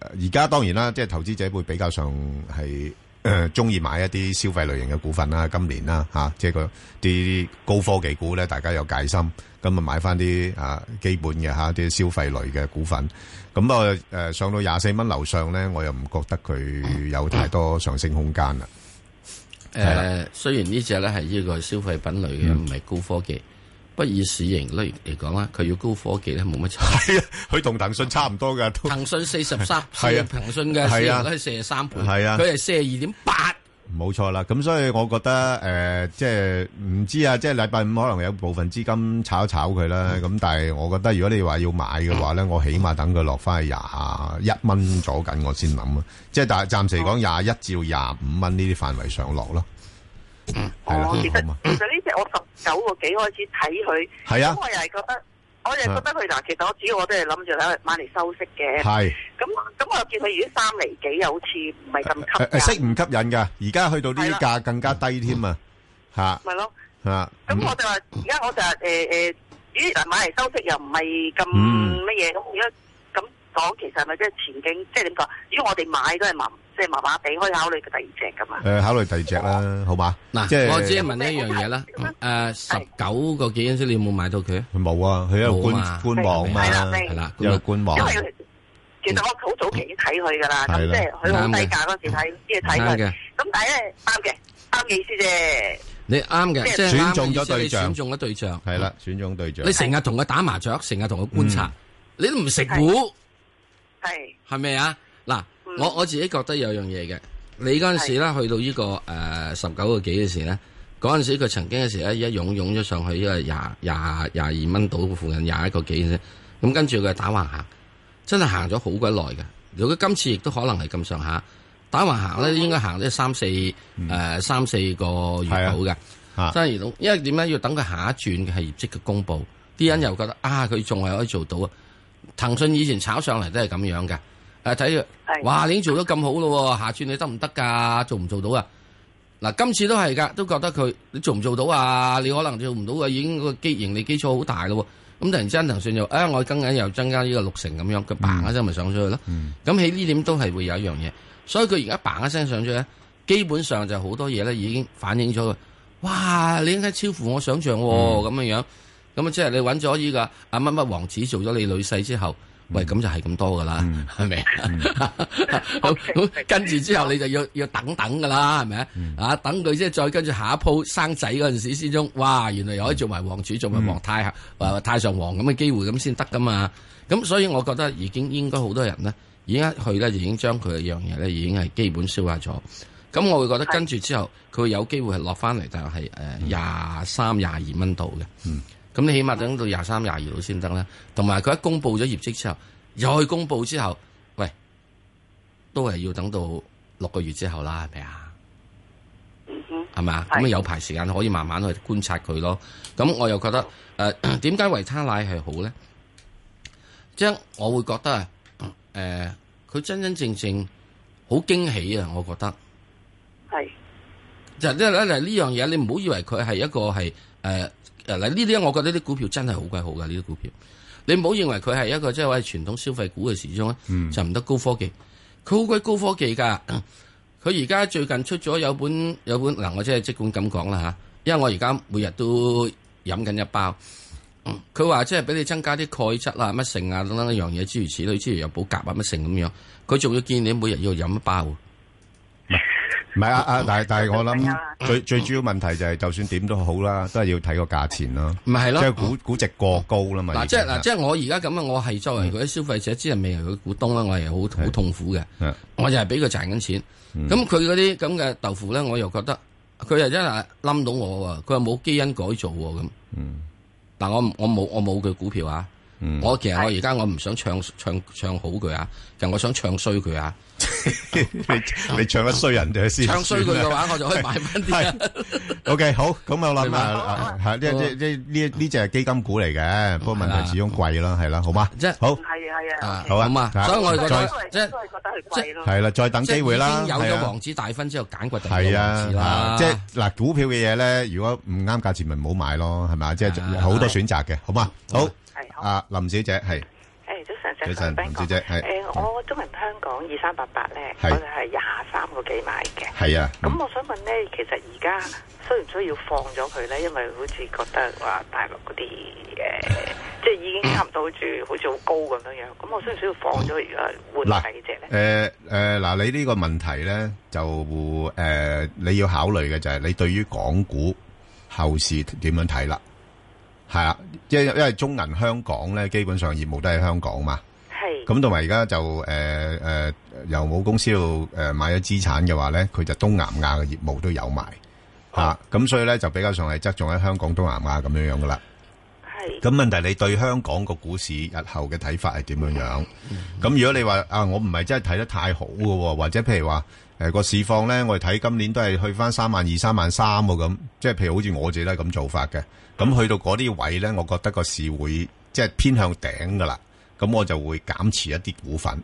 而家當然啦，即係投資者會比較上係。誒，中意、呃、買一啲消費類型嘅股份啦，今年啦吓、啊，即係啲高科技股咧，大家有戒心，咁、嗯、啊買翻啲啊基本嘅吓，啲消費類嘅股份，咁啊誒上到廿四蚊樓上咧，我又唔覺得佢有太多上升空間啦。誒、呃，了雖然呢隻咧係呢個消費品類嘅，唔係高科技。嗯不以市盈率嚟講啦，佢要高科技咧，冇乜差。係啊，佢同騰訊差唔多㗎。騰訊四十三，係啊，騰訊嘅市盈率四十三倍，係啊，佢係四十二點八。冇錯啦，咁所以我覺得誒、呃，即係唔知啊，即係禮拜五可能有部分資金炒一炒佢啦。咁、嗯、但係我覺得如果你話要買嘅話咧，嗯、我起碼等佢落翻去廿一蚊左近，我先諗啊。即係但係暫時嚟講，廿一至廿五蚊呢啲範圍上落咯。我記得，其實呢隻 我十九個幾開始睇佢，咁我又係覺得，啊、我又覺得佢嗱，其實我主要我都係諗住睇買嚟收息嘅。係、啊，咁咁我又見佢而家三厘幾又好似唔係咁吸，息唔吸引噶，而家去到呢啲價更加低添啊，吓。咪咯，啊，咁我就話而家我就話誒誒，主要買嚟收息又唔係咁乜嘢，咁如果咁講其實係咪即係前景？即係點講？如果我哋買都係問。即係麻麻地，可以考慮佢第二隻噶嘛？誒，考慮第二隻啦，好吧。嗱，即係我只係問你一樣嘢啦。誒，十九個幾 cents，你有冇買到佢啊？冇啊，佢喺度觀觀望啊，係啦，又觀望。因為其實我好早期已經睇佢噶啦，即係佢好低價嗰時睇，即係睇。啱嘅，咁但係咧，啱嘅，啱嘅意思啫。你啱嘅，選中咗對象，選中咗對象，係啦，選中對象。你成日同佢打麻雀，成日同佢觀察，你都唔食糊，係係咪啊？嗱。我我自己覺得有樣嘢嘅，你嗰陣時咧是的 去到呢個誒十九個幾嘅時咧，嗰陣時佢曾經嘅時咧一擁擁咗上去，呢個廿廿廿二蚊度附近廿一個幾啫。咁、嗯、跟住佢打橫行，真係行咗好鬼耐嘅。如果今次亦都可能係咁上下打橫行咧，應該行咗三四誒三四個月度嘅，真係的以因為點解要等佢下一轉嘅係業績嘅公布，啲的人又覺得啊，佢仲係可以做到啊！騰訊以前炒上嚟都係咁樣嘅。誒，睇住，哇！你已經做得咁好咯，下次你得唔得噶？做唔做到啊？嗱，今次都係噶，都覺得佢你做唔做到啊？你可能做唔到啊，已經個基盈利基礎好大咯，啊。咁突然之間騰訊又誒、哎，我更緊又增加呢個六成咁樣，佢嘭一聲咪上咗去咯。咁喺呢點都係會有一樣嘢，所以佢而家嘭一聲上咗去，基本上就好多嘢咧已經反映咗佢。哇！你應該超乎我想象咁嘅樣，咁、這個、啊，即係你揾咗依個阿乜乜王子做咗你女婿之後。喂，咁就係咁多噶啦，係咪啊？好，咁 Okay. 跟住之後，你就要要等等噶啦，係咪啊？啊、嗯，等佢即係，再跟住下一鋪生仔嗰陣時先，中哇！原來又可以做埋皇主，做埋皇太、嗯、太上皇咁嘅機會咁先得噶嘛。咁所以，我覺得已經應該好多人呢，而家去呢，就已經將佢嘅樣嘢呢已經係基本消化咗。咁我會覺得跟住之後，佢有機會係落翻嚟，就係誒廿三、廿二蚊度嘅。咁你起碼等到廿三廿二號先得啦，同埋佢一公布咗業績之後，又去公佈之後，喂，都係要等到六個月之後啦，係咪啊？嗯哼，係咪啊？咁吧是有排時間可以慢慢去觀察佢咯。咁我又覺得誒，點解維他奶係好咧？即、就、係、是、我會覺得誒，佢、呃、真真正正好驚喜啊！我覺得係，是就呢呢呢樣嘢，你唔好以為佢係一個係誒。嗱呢啲，我覺得啲股票真係好鬼好噶，呢啲股票，你唔好認為佢係一個即係話傳統消費股嘅始終啊，嗯、就唔得高科技，佢好鬼高科技噶，佢而家最近出咗有，有本有本嗱，我即係即管咁講啦吓，因為我而家每日都飲緊一包，佢、嗯、話即係俾你增加啲鈣質啦，乜性啊等等一樣嘢諸如此類之類，又補鉀啊乜性咁樣，佢仲、啊啊啊、要建議你每日要飲一包。唔係啊啊！但係但係，我諗最最主要問題就係，就算點都好啦，都係要睇個價錢咯。唔係咯，即係估估值過高啦嘛。嗱，即係嗱，即係我而家咁啊！我係作為佢啲消費者，即係未來嘅股東啦，我係好好痛苦嘅。我就係俾佢賺緊錢。咁佢嗰啲咁嘅豆腐咧，我又覺得佢又真係冧到我喎。佢又冇基因改造喎咁。嗯，但我我冇我冇佢股票啊。我其實我而家我唔想唱唱唱好佢啊，其實我想唱衰佢啊。你你唱得衰人哋先，唱衰佢嘅話我就可以買翻啲。O K，好，咁我諗下，係呢呢呢呢隻係基金股嚟嘅，不過問題始終貴咯，係啦，好嘛？即係好。係啊係啊，好啊。所以我覺得，即係都係覺得係貴咯。係啦，再等機會啦。即係已經有咗王子大婚之後揀過咗好多次啦。即係嗱，股票嘅嘢咧，如果唔啱價錢，咪唔好買咯，係咪？即係好多選擇嘅，好嘛？好。係好。啊，林小姐係。女神，林小姐，係誒，呃嗯、我中係香港二三八八咧，是我就係廿三個幾買嘅。係啊，咁、嗯、我想問咧，其實而家需唔需要放咗佢咧？因為好似覺得話大陸嗰啲誒，即係已經差唔多，好似好高咁樣樣。咁我需唔需要放咗而家換下呢隻咧？誒誒、嗯、嗱、呃，你呢個問題咧，就誒、呃、你要考慮嘅就係、是、你對於港股後市點樣睇啦。係啦，即係、啊、因為中銀香港咧，基本上業務都喺香港嘛。係是。咁同埋而家就誒誒，呃呃、由母公司度誒買咗資產嘅話咧，佢就東南亞嘅業務都有埋。吓、oh. 啊，咁所以咧就比較上係側重喺香港東南亞咁樣樣噶啦。係是。咁問題，你對香港個股市日後嘅睇法係點樣樣？咁、mm hmm. 如果你話啊，我唔係真係睇得太好噶、哦，或者譬如話誒個市況咧，我哋睇今年都係去翻三萬二、三萬三啊咁，即係譬如好似我自己都係咁做法嘅。咁去到嗰啲位咧，我覺得個市會即係偏向頂噶啦。咁我就會減持一啲股份，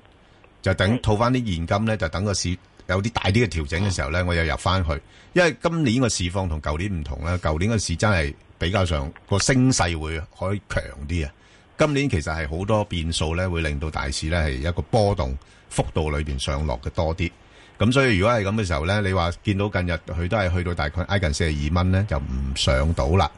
就等套翻啲現金咧。就等個市有啲大啲嘅調整嘅時候咧，我又入翻去。因為今年個市況同舊年唔同啦，舊年個市真係比較上個升勢會可以強啲啊。今年其實係好多變數咧，會令到大市咧係一個波動幅度裏邊上落嘅多啲。咁所以如果係咁嘅時候咧，你話見到近日佢都係去到大概挨近四十二蚊咧，就唔上到啦。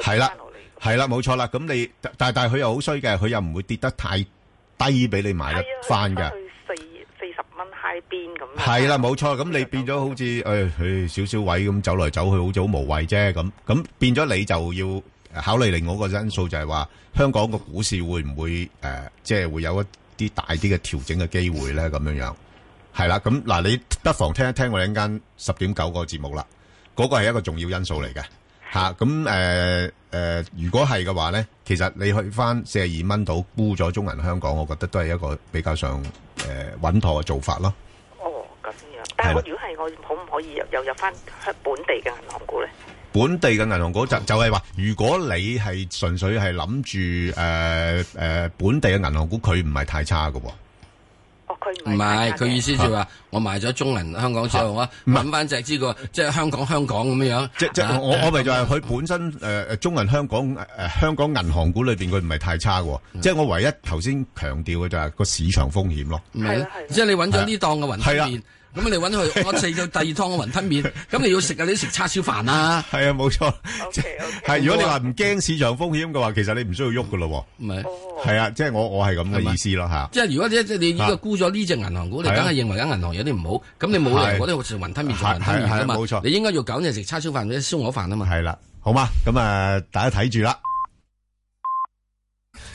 係啦，係啦，冇錯啦。咁你但係但係佢又好衰嘅，佢又唔會跌得太低俾你買得翻嘅。四四十蚊喺邊咁。係啦，冇錯。咁你變咗好似誒，去少少位咁走來走去，好似好無謂啫。咁咁變咗你就要考慮另外一個因素，就係話香港個股市會唔會誒，即係會有一啲大啲嘅調整嘅機會咧？咁樣樣係啦。咁嗱，你不妨聽一聽我哋間十點九個節目啦。嗰個係一個重要因素嚟嘅。吓咁誒誒，如果係嘅話咧，其實你去翻四十二蚊度，沽咗中銀香港，我覺得都係一個比較上誒、呃、穩妥嘅做法咯。哦，咁樣，但係如果係我可唔可以又入翻本地嘅銀行股咧？本地嘅銀行股就就係、是、話，如果你係純粹係諗住誒誒，本地嘅銀行股，佢唔係太差嘅。唔係，佢意思就係話我賣咗中銀香港之後啊，揾翻隻知個，即係香港香港咁樣。即即、嗯、我我咪就係佢本身誒誒、呃、中銀香港誒、呃、香港銀行股裏邊佢唔係太差喎、哦。即係我唯一頭先強調嘅就係個市場風險咯、啊。係啦係，啊啊、即係你揾咗呢檔嘅雲上面、啊。咁你揾佢，我食咗第二湯嘅雲吞麵。咁你要食啊？你食叉燒飯啊？係啊，冇錯。係如果你話唔驚市場風險嘅話，其實你唔需要喐噶咯。唔係，係啊，即係我我係咁嘅意思咯吓。即係如果你依個估咗呢隻銀行股，你梗係認為間銀行有啲唔好。咁你冇理由覺得好似雲吞麵做雲吞麵啊嘛。冇錯，你應該要食叉燒飯、燒鵝飯啊嘛。係啦，好嘛。咁啊，大家睇住啦。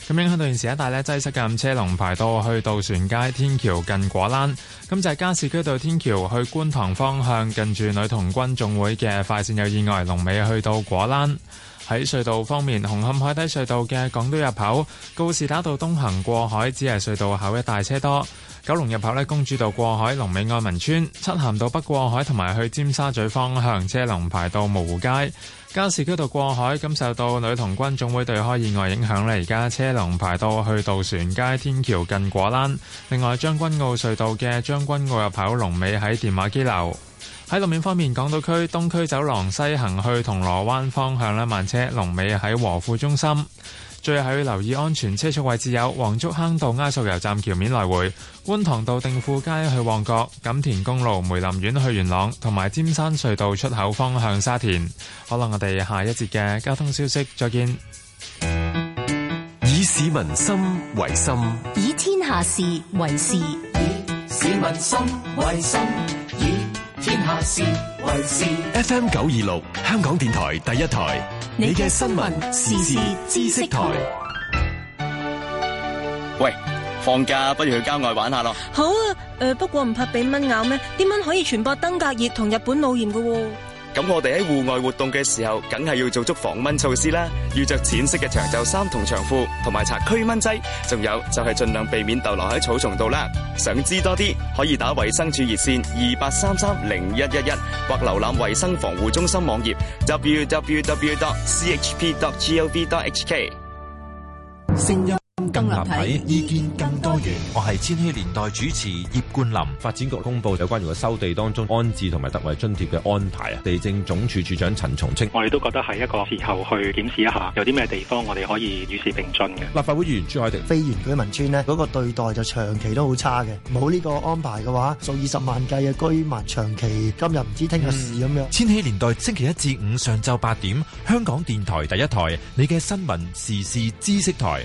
咁影響到現時一帶呢擠塞嘅，車龍排到去渡船街天橋近果欄。咁就係加士居道天橋去觀塘方向，近住女童軍總會嘅快線有意外，龍尾去到果欄。喺隧道方面，紅磡海底隧道嘅港島入口，告士打道東行過海只係隧道口一帶車多。九龍入口呢，公主道過海龍尾愛民村，漆咸道北過海同埋去尖沙咀方向，車龍排到蕪湖街。加士居道過海，咁受到女童軍總會對開意外影響咧，而家車龍排到去渡船街天橋近果欄。另外，將軍澳隧道嘅將軍澳入口，龍尾喺電話機樓。喺路面方面，港島區東區走廊西行去銅鑼灣方向，咧，慢車，龍尾喺和富中心。最後要留意安全車速位置，有黃竹坑道埃索油站橋面來回、觀塘道定富街去旺角、錦田公路梅林苑去元朗同埋尖山隧道出口方向沙田。可能我哋下一節嘅交通消息再見。以市民心為心，以天下事為事，以市民心為心。天下事為事，FM 九二六香港電台第一台，你嘅新聞時事知識台。喂，放假不如去郊外玩下咯。好啊，誒、呃，不過唔怕俾蚊咬咩？啲蚊可以傳播登革熱同日本腦炎㗎喎。咁我哋喺戶外活動嘅時候，梗係要做足防蚊措施啦。要着淺色嘅長袖衫同長褲，同埋搽驅蚊劑。仲有就係盡量避免逗留喺草叢度啦。想知多啲，可以打衛生署熱線二八三三零一一一，或瀏覽衛生防護中心網頁 www.chp.gov.hk。聲音。更立體，意見更多元。我係千禧年代主持葉冠霖。發展局公布有關於個收地當中安置同埋特惠津貼嘅安排啊。地政總署署長陳松青，我哋都覺得係一個時候去檢視一下，有啲咩地方我哋可以與時並進嘅。立法會議員朱凱廸，非原居民村呢嗰、那個對待就長期都好差嘅，冇呢個安排嘅話，數二十萬計嘅居民長期今日唔知聽日事咁樣。嗯、千禧年代星期一至五上晝八點，香港電台第一台，你嘅新聞時事知識台。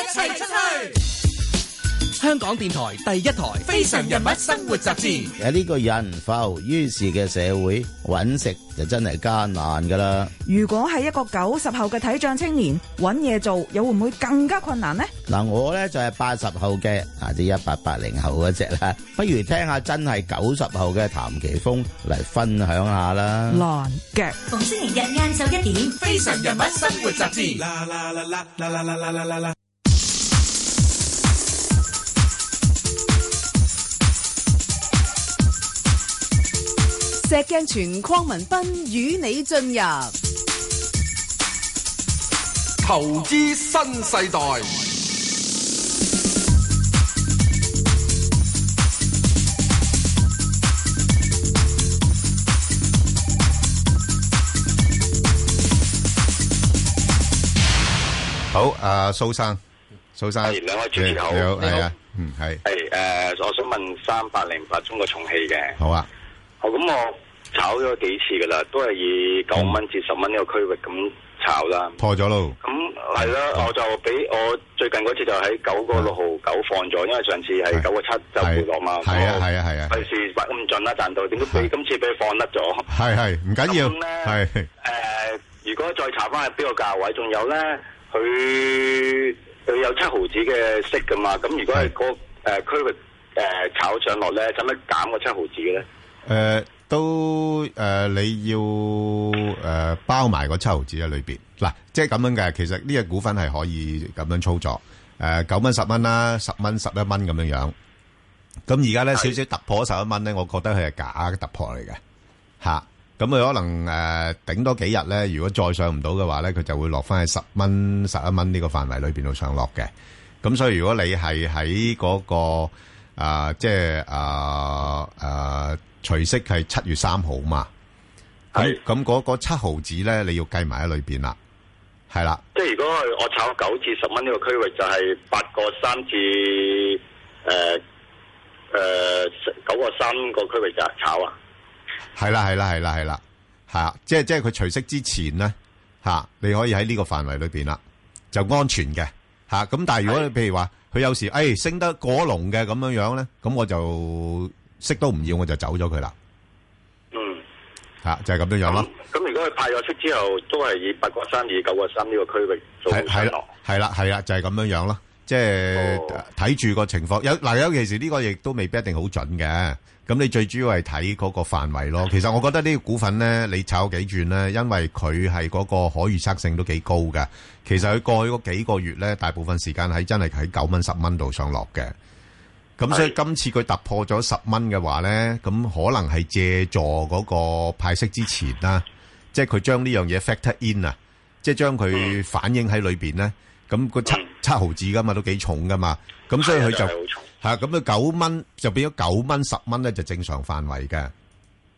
香港電台第一台《非常人物生活雜誌》，喺呢個人浮於事嘅社會揾食就真係艱難噶啦。如果係一個九十後嘅體障青年揾嘢做，又會唔會更加困難呢？嗱，我咧就係八十後嘅，或者一八八零後嗰隻啦。不如聽下真係九十後嘅譚其峰嚟分享下啦。藍格逢星期日晏晝一點，《非常人物生活雜誌》。石鏡泉、鄺民彬與你進入投資新世代。好，阿、呃、蘇生，蘇生，你、啊、好，你好，好好嗯，係，係，誒、呃，我想問三百零八，中國重汽嘅，好啊。哦，咁我炒咗幾次噶啦，都係以九蚊至十蚊呢個區域咁炒啦，破咗咯。咁係啦，我就俾我最近嗰次就喺九個六毫九放咗，因為上次係九個七就回落嘛。係啊係啊係啊，費事咁盡啦，賺到點解俾今次俾佢放甩咗。係係唔緊要，係誒，如果再查翻係邊個價位，仲有咧，佢佢有七毫子嘅息噶嘛？咁如果係嗰誒區域誒炒上落咧，使唔使減個七毫子嘅咧？誒，都誒，你要誒包埋個七毫子喺裏邊，嗱，即係咁樣嘅。其實呢個股份係可以咁樣操作，誒，九蚊十蚊啦，十蚊十一蚊咁樣樣。咁而家咧少少突破咗十一蚊咧，我覺得佢係假突破嚟嘅，吓。咁佢可能誒頂多幾日咧，如果再上唔到嘅話咧，佢就會落翻喺十蚊十一蚊呢個範圍裏邊度上落嘅。咁所以如果你係喺嗰個，啊，uh, 即係啊啊，除、uh, uh, 息係七月三號嘛，咁咁嗰個七毫子咧，你要計埋喺裏邊啦，係啦。即係如果我炒九至十蚊呢個區域，就係八個三至誒誒九個三個區域就係、呃呃、炒啊。係啦係啦係啦係啦，係啊，即係即係佢除息之前咧，吓你可以喺呢個範圍裏邊啦，就安全嘅。吓，咁、啊、但係如果的譬如話佢有時誒、哎、升得過龍嘅咁樣樣咧，咁我就息都唔要，我就走咗佢啦。嗯，吓、啊、就咁、是、樣樣咯。咁、嗯、如果佢派咗息之後，都係以八角山以九角山個三、二九個三呢個區域做回落。係啦係啦，就係、是、咁樣樣咯。即係睇住個情況有嗱，尤其時呢個亦都未必一定好準嘅。咁你最主要係睇嗰個範圍咯。其實我覺得呢個股份呢，你炒幾轉呢？因為佢係嗰個可預測性都幾高嘅。其實佢過去嗰幾個月呢，大部分時間係真係喺九蚊十蚊度上落嘅。咁所以今次佢突破咗十蚊嘅話呢，咁可能係借助嗰個派息之前啦，即係佢將呢樣嘢 factor in 啊，即係將佢反映喺裏邊呢。咁個七。七毫子噶嘛，都幾重噶嘛，咁的所以佢就吓咁，佢九蚊就變咗九蚊十蚊咧，就是、正常範圍嘅。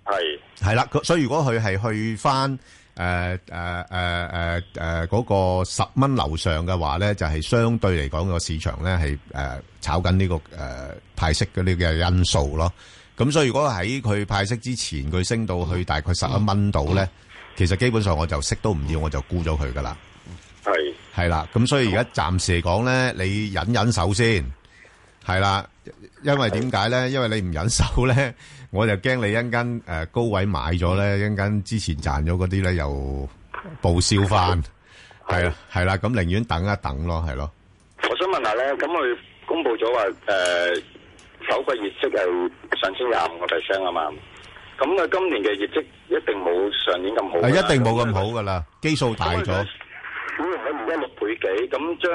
係係啦，所以如果佢係去翻誒誒誒誒誒嗰個十蚊樓上嘅話咧，就係、是、相對嚟講、那個市場咧係誒炒緊呢、這個誒、呃、派息嘅呢個因素咯。咁所以如果喺佢派息之前，佢升到去大概十一蚊度咧，嗯嗯、其實基本上我就息都唔要，我就沽咗佢噶啦。係啦，咁所以而家暫時嚟講咧，你忍忍手先，係啦，因為點解咧？因為你唔忍手咧，我就驚你一陣間誒高位買咗咧，一陣間之前賺咗嗰啲咧又報銷翻，係啦，係啦，咁寧願等一等咯，係咯。我想問下咧，咁佢公布咗話誒，首個業績係上升廿五個 percent 啊嘛，咁啊，今年嘅業績一定冇上年咁好，係一定冇咁好噶啦，基數大咗。咁佢而家六倍幾，咁將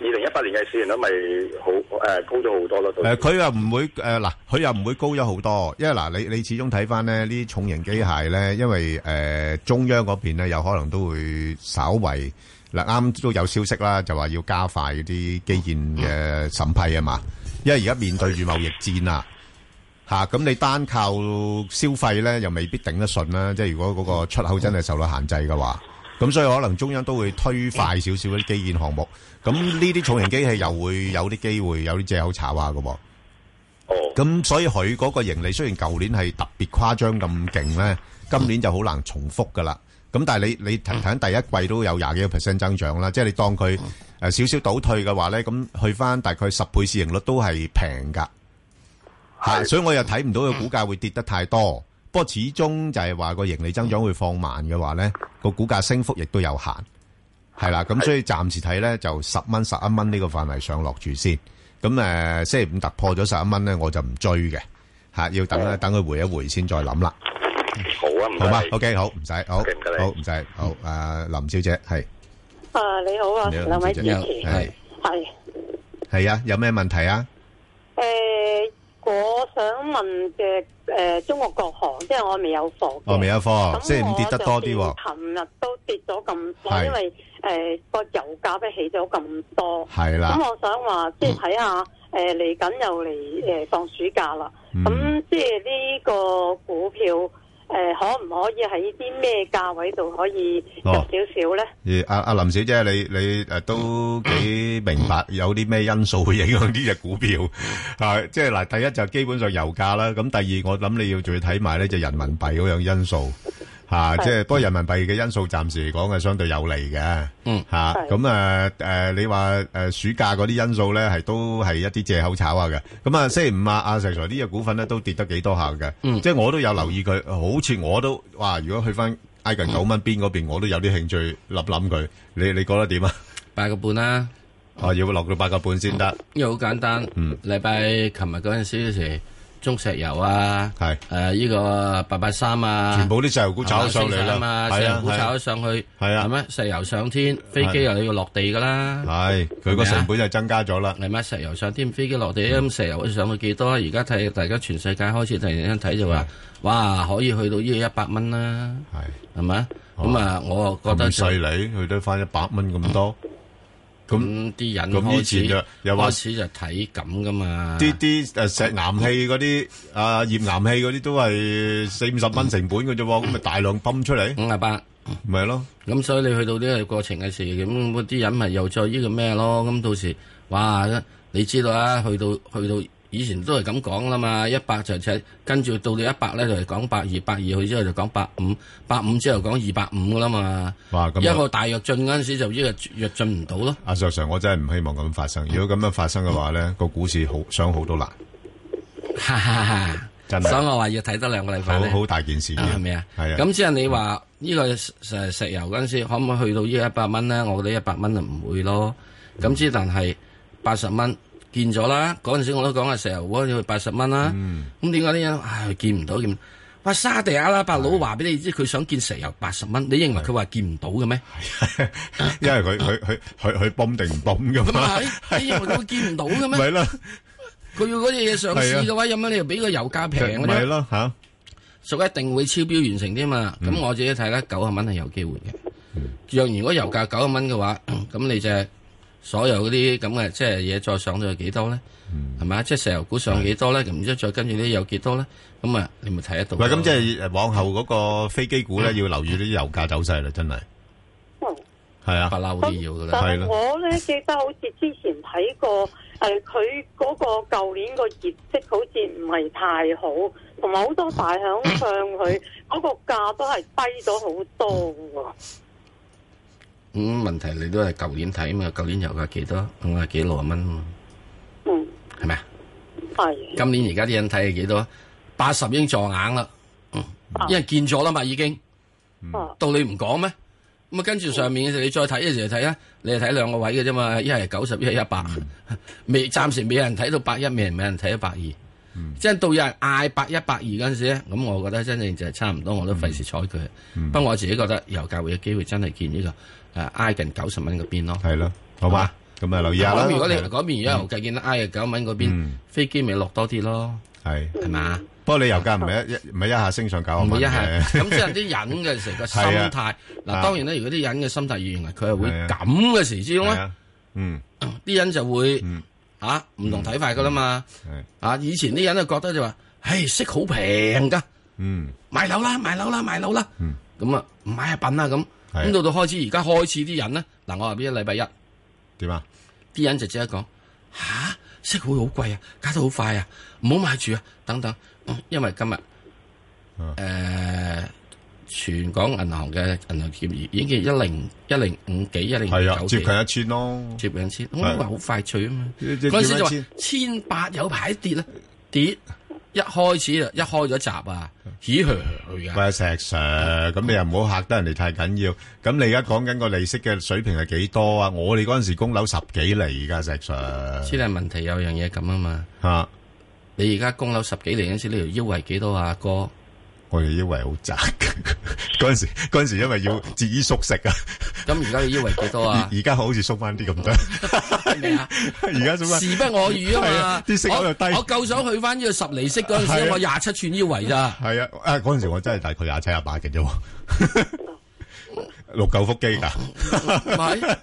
二零一八年嘅市盈率咪好誒高咗好多咯？誒，佢又唔會誒嗱，佢又唔會高咗好多，因為嗱，你你始終睇翻咧呢啲重型機械咧，因為誒中央嗰邊咧有可能都會稍為嗱啱都有消息啦，就話要加快啲基建嘅審批啊嘛，因為而家面對住貿易戰啊，吓咁你單靠消費咧又未必頂得順啦，即係如果嗰個出口真係受到限制嘅話。咁所以可能中央都會推快少少啲基建項目，咁呢啲重型機器又會有啲機會，有啲借口炒下噶。哦，咁所以佢嗰個盈利雖然舊年係特別誇張咁勁呢，今年就好難重複噶啦。咁但係你你睇睇第一季都有廿幾個 percent 增長啦，即係你當佢誒少少倒退嘅話呢，咁去翻大概十倍市盈率都係平噶。係是、啊，所以我又睇唔到佢股價會跌得太多。不過始終就係話個盈利增長會放慢嘅話咧，個股價升幅亦都有限，係啦。咁所以暫時睇咧就十蚊、十一蚊呢個範圍上落住先。咁誒，星期五突破咗十一蚊咧，我就唔追嘅吓，要等啊，等佢回一回先再諗啦。好啊，好嘛，OK，好唔使，好，好唔使，好。阿林小姐係。啊，你好啊，兩位主持係係係啊，有咩問題啊？誒。我想問嘅誒、呃、中國國航，即係我未有貨，我、哦、未有貨，那我 即係唔跌得多啲喎。尋日都跌咗咁，是呃、多，因為誒個油價都起咗咁多，係啦。咁我想話即係睇下誒嚟緊又嚟誒放暑假啦，咁、嗯、即係呢個股票。誒，可唔可以喺啲咩價位度可以入少少咧？而阿阿林小姐，你你誒都幾明白，有啲咩因素會影響呢隻股票？啊，即係嗱，第一就基本上油價啦，咁第二我諗你要仲要睇埋咧就人民幣嗰樣因素。吓、啊，即係不過是人民幣嘅因素，暫時嚟講係相對有利嘅。嗯，吓，咁啊，誒，你話誒暑假嗰啲因素咧，係都係一啲借口炒下嘅。咁、嗯嗯嗯、啊，星期五啊，阿財財呢隻股份咧都跌得幾多下嘅。即係我都有留意佢，好似我都哇，如果去翻挨近九蚊邊嗰邊，嗯、我都有啲興趣諗諗佢。你你覺得點啊？八個半啦、啊。嗯、啊，要落到八個半先得。因為好簡單，嗯，禮拜琴日嗰陣時。嗯中石油啊，係誒呢個八八三啊，全部啲石油股炒咗上嚟啊嘛，石油股炒咗上去係啊，係咩？石油上天，飛機又要落地噶啦，係佢個成本就增加咗啦。係咩？石油上天，飛機落地咁，石油會上去幾多？而家睇，大家全世界開始突然間睇睇就話，哇，可以去到呢個一百蚊啦，係係咪？咁啊，我啊覺得咁犀利，去得翻一百蚊咁多。咁啲人咁以前就又開始就睇咁噶嘛？啲啲誒石岩氣嗰啲 啊，頁岩氣嗰啲都係四五十蚊成本嘅啫，咁咪 大量泵出嚟五啊八，咪係 咯。咁所以你去到呢個過程嘅時，時，咁嗰啲人咪又再呢個咩咯？咁到時哇，你知道啊，去到去到。以前都係咁講啦嘛，一百就是、就跟住到咗一百咧就講百二，百二去之後就講百五，百五之後講二百五噶啦嘛。一個大躍進嗰陣時就一躍進唔到咯。阿 Sir、Sir，我真係唔希望咁發生。如果咁樣發生嘅話咧，嗯、個股市好想好都難。所以我，我話要睇得兩個禮拜好大件事係咪啊？咁的即係你話呢、嗯、個石油嗰陣時可唔可以去到呢一百蚊咧？我覺得一百蚊就唔會咯。咁之、嗯、但係八十蚊。見咗啦，嗰陣時我都講啊，石油要八十蚊啦。咁點解啲人唉見唔到見？哇，沙地阿拉伯佬話俾你知，佢想見石油八十蚊，你認為佢話見唔到嘅咩？係，因為佢佢佢佢佢泵定泵噶嘛？你認為佢見唔到嘅咩？唔係啦，佢要嗰隻嘢上市嘅話，咁樣你又俾個油價平嘅咩？咪係咯吓，就一定會超標完成啲嘛。咁我自己睇啦，九十蚊係有機會嘅。若然如果油價九十蚊嘅話，咁你就。所有嗰啲咁嘅即係嘢再上到去幾多咧，係咪？即係石油股上幾多咧？咁然之再跟住咧有幾多咧？咁啊，你咪睇得到。喂咁，即係誒往後嗰個飛機股咧，要留意啲油價走勢啦，真係。嗯。係啊，不嬲啲要嘅啦，係咯。我咧記得好似之前睇過誒，佢嗰個舊年個業績好似唔係太好，同埋好多大響向佢嗰個價都係低咗好多喎。咁問題你都係舊年睇嘛？舊年油價幾多？咁啊幾六啊蚊？嗯，係咪啊？係。今年而家啲人睇係幾多？八十英做硬啦，因為見咗啦嘛已經。哦。道理唔講咩？咁啊跟住上面你再睇，嘅時候睇啊，你係睇兩個位嘅啫嘛。一係九十，一係一百。未，暫時未有人睇到八一，未有人睇一百二。嗯。即係到有人嗌八一、八二嗰陣時咧，咁我覺得真正就係差唔多，我都費事睬佢。不過我自己覺得油價會有機會真係見呢個。誒挨近九十蚊嗰邊咯，係咯，好嘛？咁啊留意下。我諗如果你嗰邊如果油價見到挨啊九蚊嗰邊，飛機咪落多啲咯，係係嘛？不過你油價唔係一唔係一下升上九啊蚊，唔係一下。咁即係啲人嘅成個心態。嗱，當然咧，如果啲人嘅心態預言啊，佢係會咁嘅時之中咧，嗯，啲人就會嚇唔同睇法噶啦嘛。嚇以前啲人啊覺得就話，唉，息好平㗎，嗯，買樓啦，買樓啦，買樓啦，咁啊唔買啊笨啦咁。咁到、嗯、到開始，而家開始啲人咧，嗱、啊，我話邊一禮拜一點啊？啲人就即刻講吓、啊，息會，好貴啊，加得好快啊，唔好買住啊，等等。嗯、因為今日誒、呃，全港銀行嘅銀行結餘已經一零一零五幾一零，係啊，的接近一千咯，接近一千、嗯。我話好快脆啊嘛，嗰陣就話千八有排跌啦，跌。一開始啊，一開咗閘啊，唏噓噓嘅。喂，石 Sir、嗯，咁你又唔好嚇得人哋太緊要。咁、嗯、你而家講緊個利息嘅水平係幾多啊？我哋嗰陣時供樓十幾厘而家石 Sir。呢個問題有樣嘢咁啊嘛。嚇、啊！你而家供樓十幾厘嗰陣時，你條腰係幾多啊？哥？我嘅腰圍好窄，嗰 陣時，嗰陣時因為要節衣縮食 啊。咁而家嘅腰圍幾多啊？而家好似縮翻啲咁多。而家做咩？時不我與啊嘛。啲食又低。我夠想去翻呢個十厘式，嗰陣時， 我廿七寸腰圍咋。係啊，誒，嗰陣時我真係大概廿七廿八嘅啫。 六嚿腹肌噶。咪。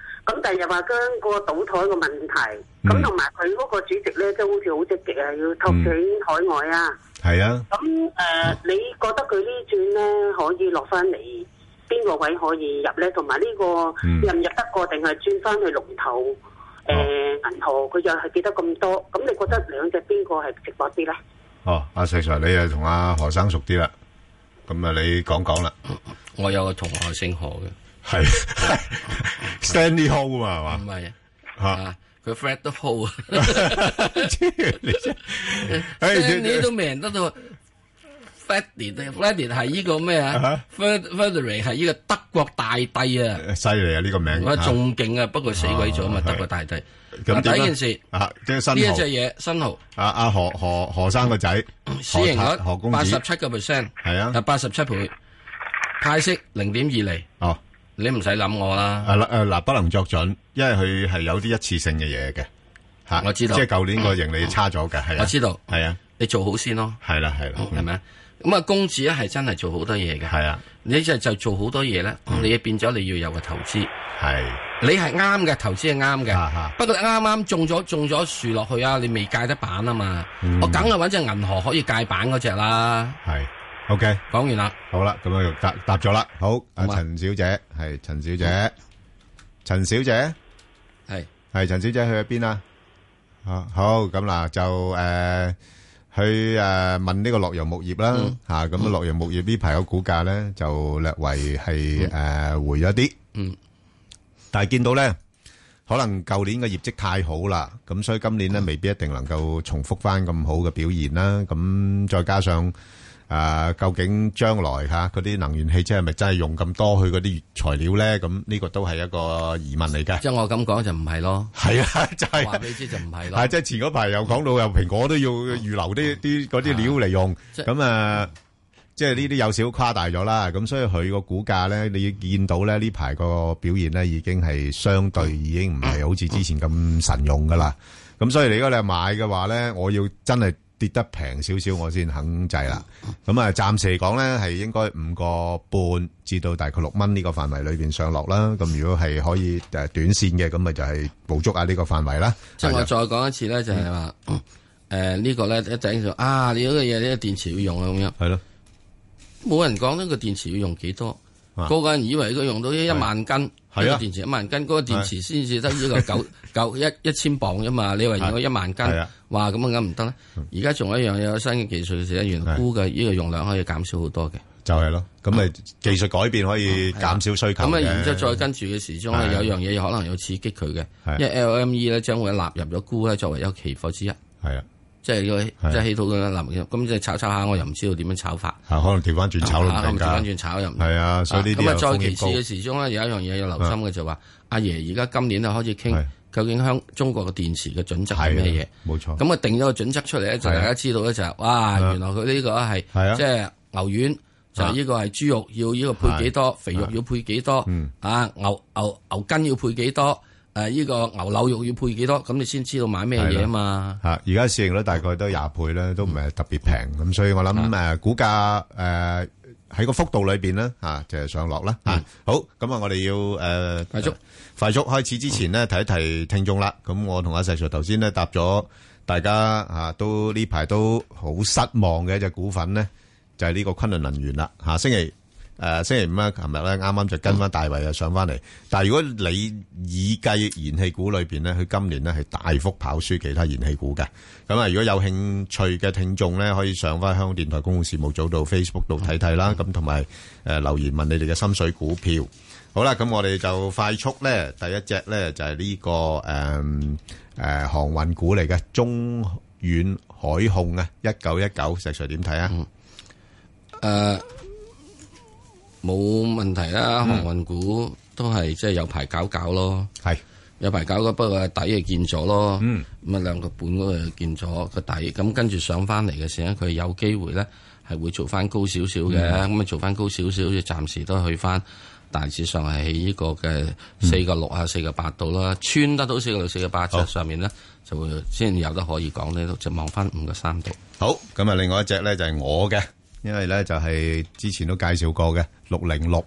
咁第日話將個倒台個問題，咁同埋佢嗰個主席咧都好似好積極啊，要拓展海外啊。係啊。咁誒，呃嗯、你覺得佢呢轉咧可以落翻嚟邊個位可以入咧？同埋呢個入唔、嗯、入得過定係轉翻去龍頭？誒、呃哦、銀河，佢又係跌得咁多，咁你覺得兩隻邊個係值得啲咧？哦，石 Sir，你又同阿何生熟啲啦。咁啊，你講講啦。我有個同學姓何嘅。係，Stanley Hall 啊嘛，係嘛？唔係啊，佢 Freddy Hall 啊，你 Stanley 都明得到 Freddy，Freddy 係呢個咩啊？Freddy 係呢個德國大帝啊！犀利啊！呢個名，仲勁啊！不過死鬼咗啊嘛，德國大帝。咁第一件事，呢一隻嘢新豪，阿阿何何何生個仔，市盈率八十七個 percent，係啊，八十七倍，派息零點二厘，哦。你唔使諗我啦。啊啦誒，嗱，不能作準，因為佢係有啲一次性嘅嘢嘅吓。我知道。即係舊年個盈利差咗嘅，係啊。我知道。係啊，你做好先咯。係啦係啦，係咪咁啊？公子咧係真係做好多嘢嘅。係啊。你即係就做好多嘢咧，你變咗你要有個投資。係。你係啱嘅，投資係啱嘅。不過啱啱種咗種咗樹落去啊，你未界得板啊嘛。我梗係揾隻銀行可以界板嗰隻啦。係。O.K. 講完啦，好啦，咁樣就答答咗啦。好，阿陳小姐係陳小姐，陳小姐係係陳小姐去咗邊啊？啊好，咁嗱就誒去誒問呢個洛陽木業啦吓。咁啊，洛陽木業呢排個股價咧就略為係誒回咗啲。嗯，但係見到咧，可能舊年嘅業績太好啦，咁所以今年咧未必一定能夠重複翻咁好嘅表現啦。咁再加上。誒，究竟將來吓嗰啲能源汽車係咪真係用咁多去嗰啲材料咧？咁呢個都係一個疑問嚟嘅。即係我咁講就唔係咯，係啊，就係。話俾你知就唔係咯。係即係前嗰排又講到，又蘋果都要預留啲啲嗰啲料嚟用。咁啊，即係呢啲有少誇大咗啦。咁所以佢個股價咧，你見到咧呢排個表現咧，已經係相對已經唔係好似之前咁神勇噶啦。咁所以你而家你買嘅話咧，我要真係。跌得平少少，我先肯制啦。咁啊，暫時嚟講咧，係應該五個半至到大概六蚊呢個範圍裏邊上落啦。咁如果係可以誒、呃、短線嘅，咁咪就係捕捉下呢個範圍啦。即係我再講一次咧、就是，就係話誒呢個咧一整就啊，嗯呃這個、呢啊你個嘢呢、呢個電池要用咁樣，係咯的，冇人講呢個電池要用幾多。嗰個人以為佢用到一一萬斤，係啊電池一萬斤，嗰個電池先至得呢個九九一一千磅啫嘛。你話用咗一萬斤，話咁啊咁唔得啦。而家仲有一樣有新嘅技術，嘅時原鈷嘅呢個用量可以減少好多嘅，就係咯。咁咪技術改變可以減少需求。咁啊，然之後再跟住嘅時鐘咧，有樣嘢可能有刺激佢嘅，因為 LME 咧將會納入咗鈷咧作為一個期貨之一，係啊。即係呢個即係起討論啦，咁即係炒炒下，我又唔知道點樣炒法、啊。可能調翻轉炒下，可能調翻轉炒又唔係啊，所以呢啲咁啊，再其次嘅時鐘咧有一樣嘢要留心嘅就話、係，阿的、啊、爺而家今年咧開始傾，究竟香中國嘅電池嘅準則係咩嘢？冇錯。咁啊，定咗個準則出嚟咧，就大家知道咧就係、係，的哇！原來佢呢個係即係牛丸就係、係、呢個係豬肉要呢個配幾多，的肥肉要配幾多，啊牛牛牛，牛筋要配幾多。誒，呢、呃這個牛柳肉要配幾多？咁你先知道買咩嘢嘛？吓，而家市盈率大概都廿倍咧，都唔係特別平。咁、嗯、所以我諗誒、啊，股價誒喺個幅度裏邊咧，吓、啊、就是、上落啦。吓、啊，嗯、好，咁、呃、速啊，我哋要誒快速快速開始之前呢，嗯、提一提聽眾啦。咁我同阿細 Sir 頭先咧答咗大家吓、啊，都呢排都好失望嘅一隻股份呢，就係、是、呢個昆崙能源啦。下、啊、星期。誒星期五咧，琴日咧，啱啱就跟翻大衞啊上翻嚟。但係如果你以計燃氣股裏邊咧，佢今年咧係大幅跑輸其他燃氣股嘅。咁啊，如果有興趣嘅聽眾咧，可以上翻香港電台公共事務組到 Facebook 度睇睇啦。咁同埋誒留言問你哋嘅心水股票。好啦，咁我哋就快速咧，第一隻咧就係呢個誒誒航運股嚟嘅中遠海控啊，一九一九，石 Sir 點睇啊？誒。冇問題啦，航運股都係、嗯、即係有排搞搞咯，係是有排搞嘅，不過底係見咗咯，嗯，咁啊兩個半嘅見咗個底，咁跟住上翻嚟嘅時候，佢有機會咧係會做翻高少少嘅，咁啊、嗯、做翻高少少，暫時都去翻大致上係呢個嘅四個六啊，四個八度啦，穿得到四個六四個八上上面咧就會先有得可以講呢。即係望翻五個三度。好，咁啊另外一隻咧就係我嘅，因為咧就係之前都介紹過嘅。六零六，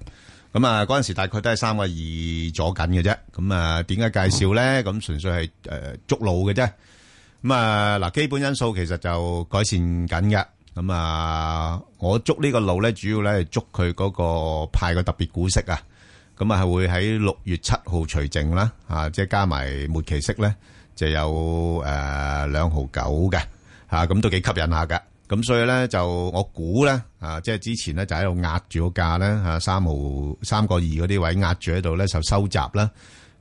咁啊嗰陣時大概都係三個二咗緊嘅啫，咁啊點解介紹咧？咁純粹係誒捉路嘅啫，咁啊嗱基本因素其實就改善緊嘅，咁啊我捉呢個路咧，主要咧係捉佢嗰個派個特別股息啊，咁啊係會喺六月七號除淨啦，啊即係加埋末期息咧就有誒兩毫九嘅，吓咁都幾吸引下噶。咁所以咧就我估咧啊，即係之前咧就喺度壓住個價咧，嚇、啊、三毫三個二嗰啲位壓住喺度咧就收集啦。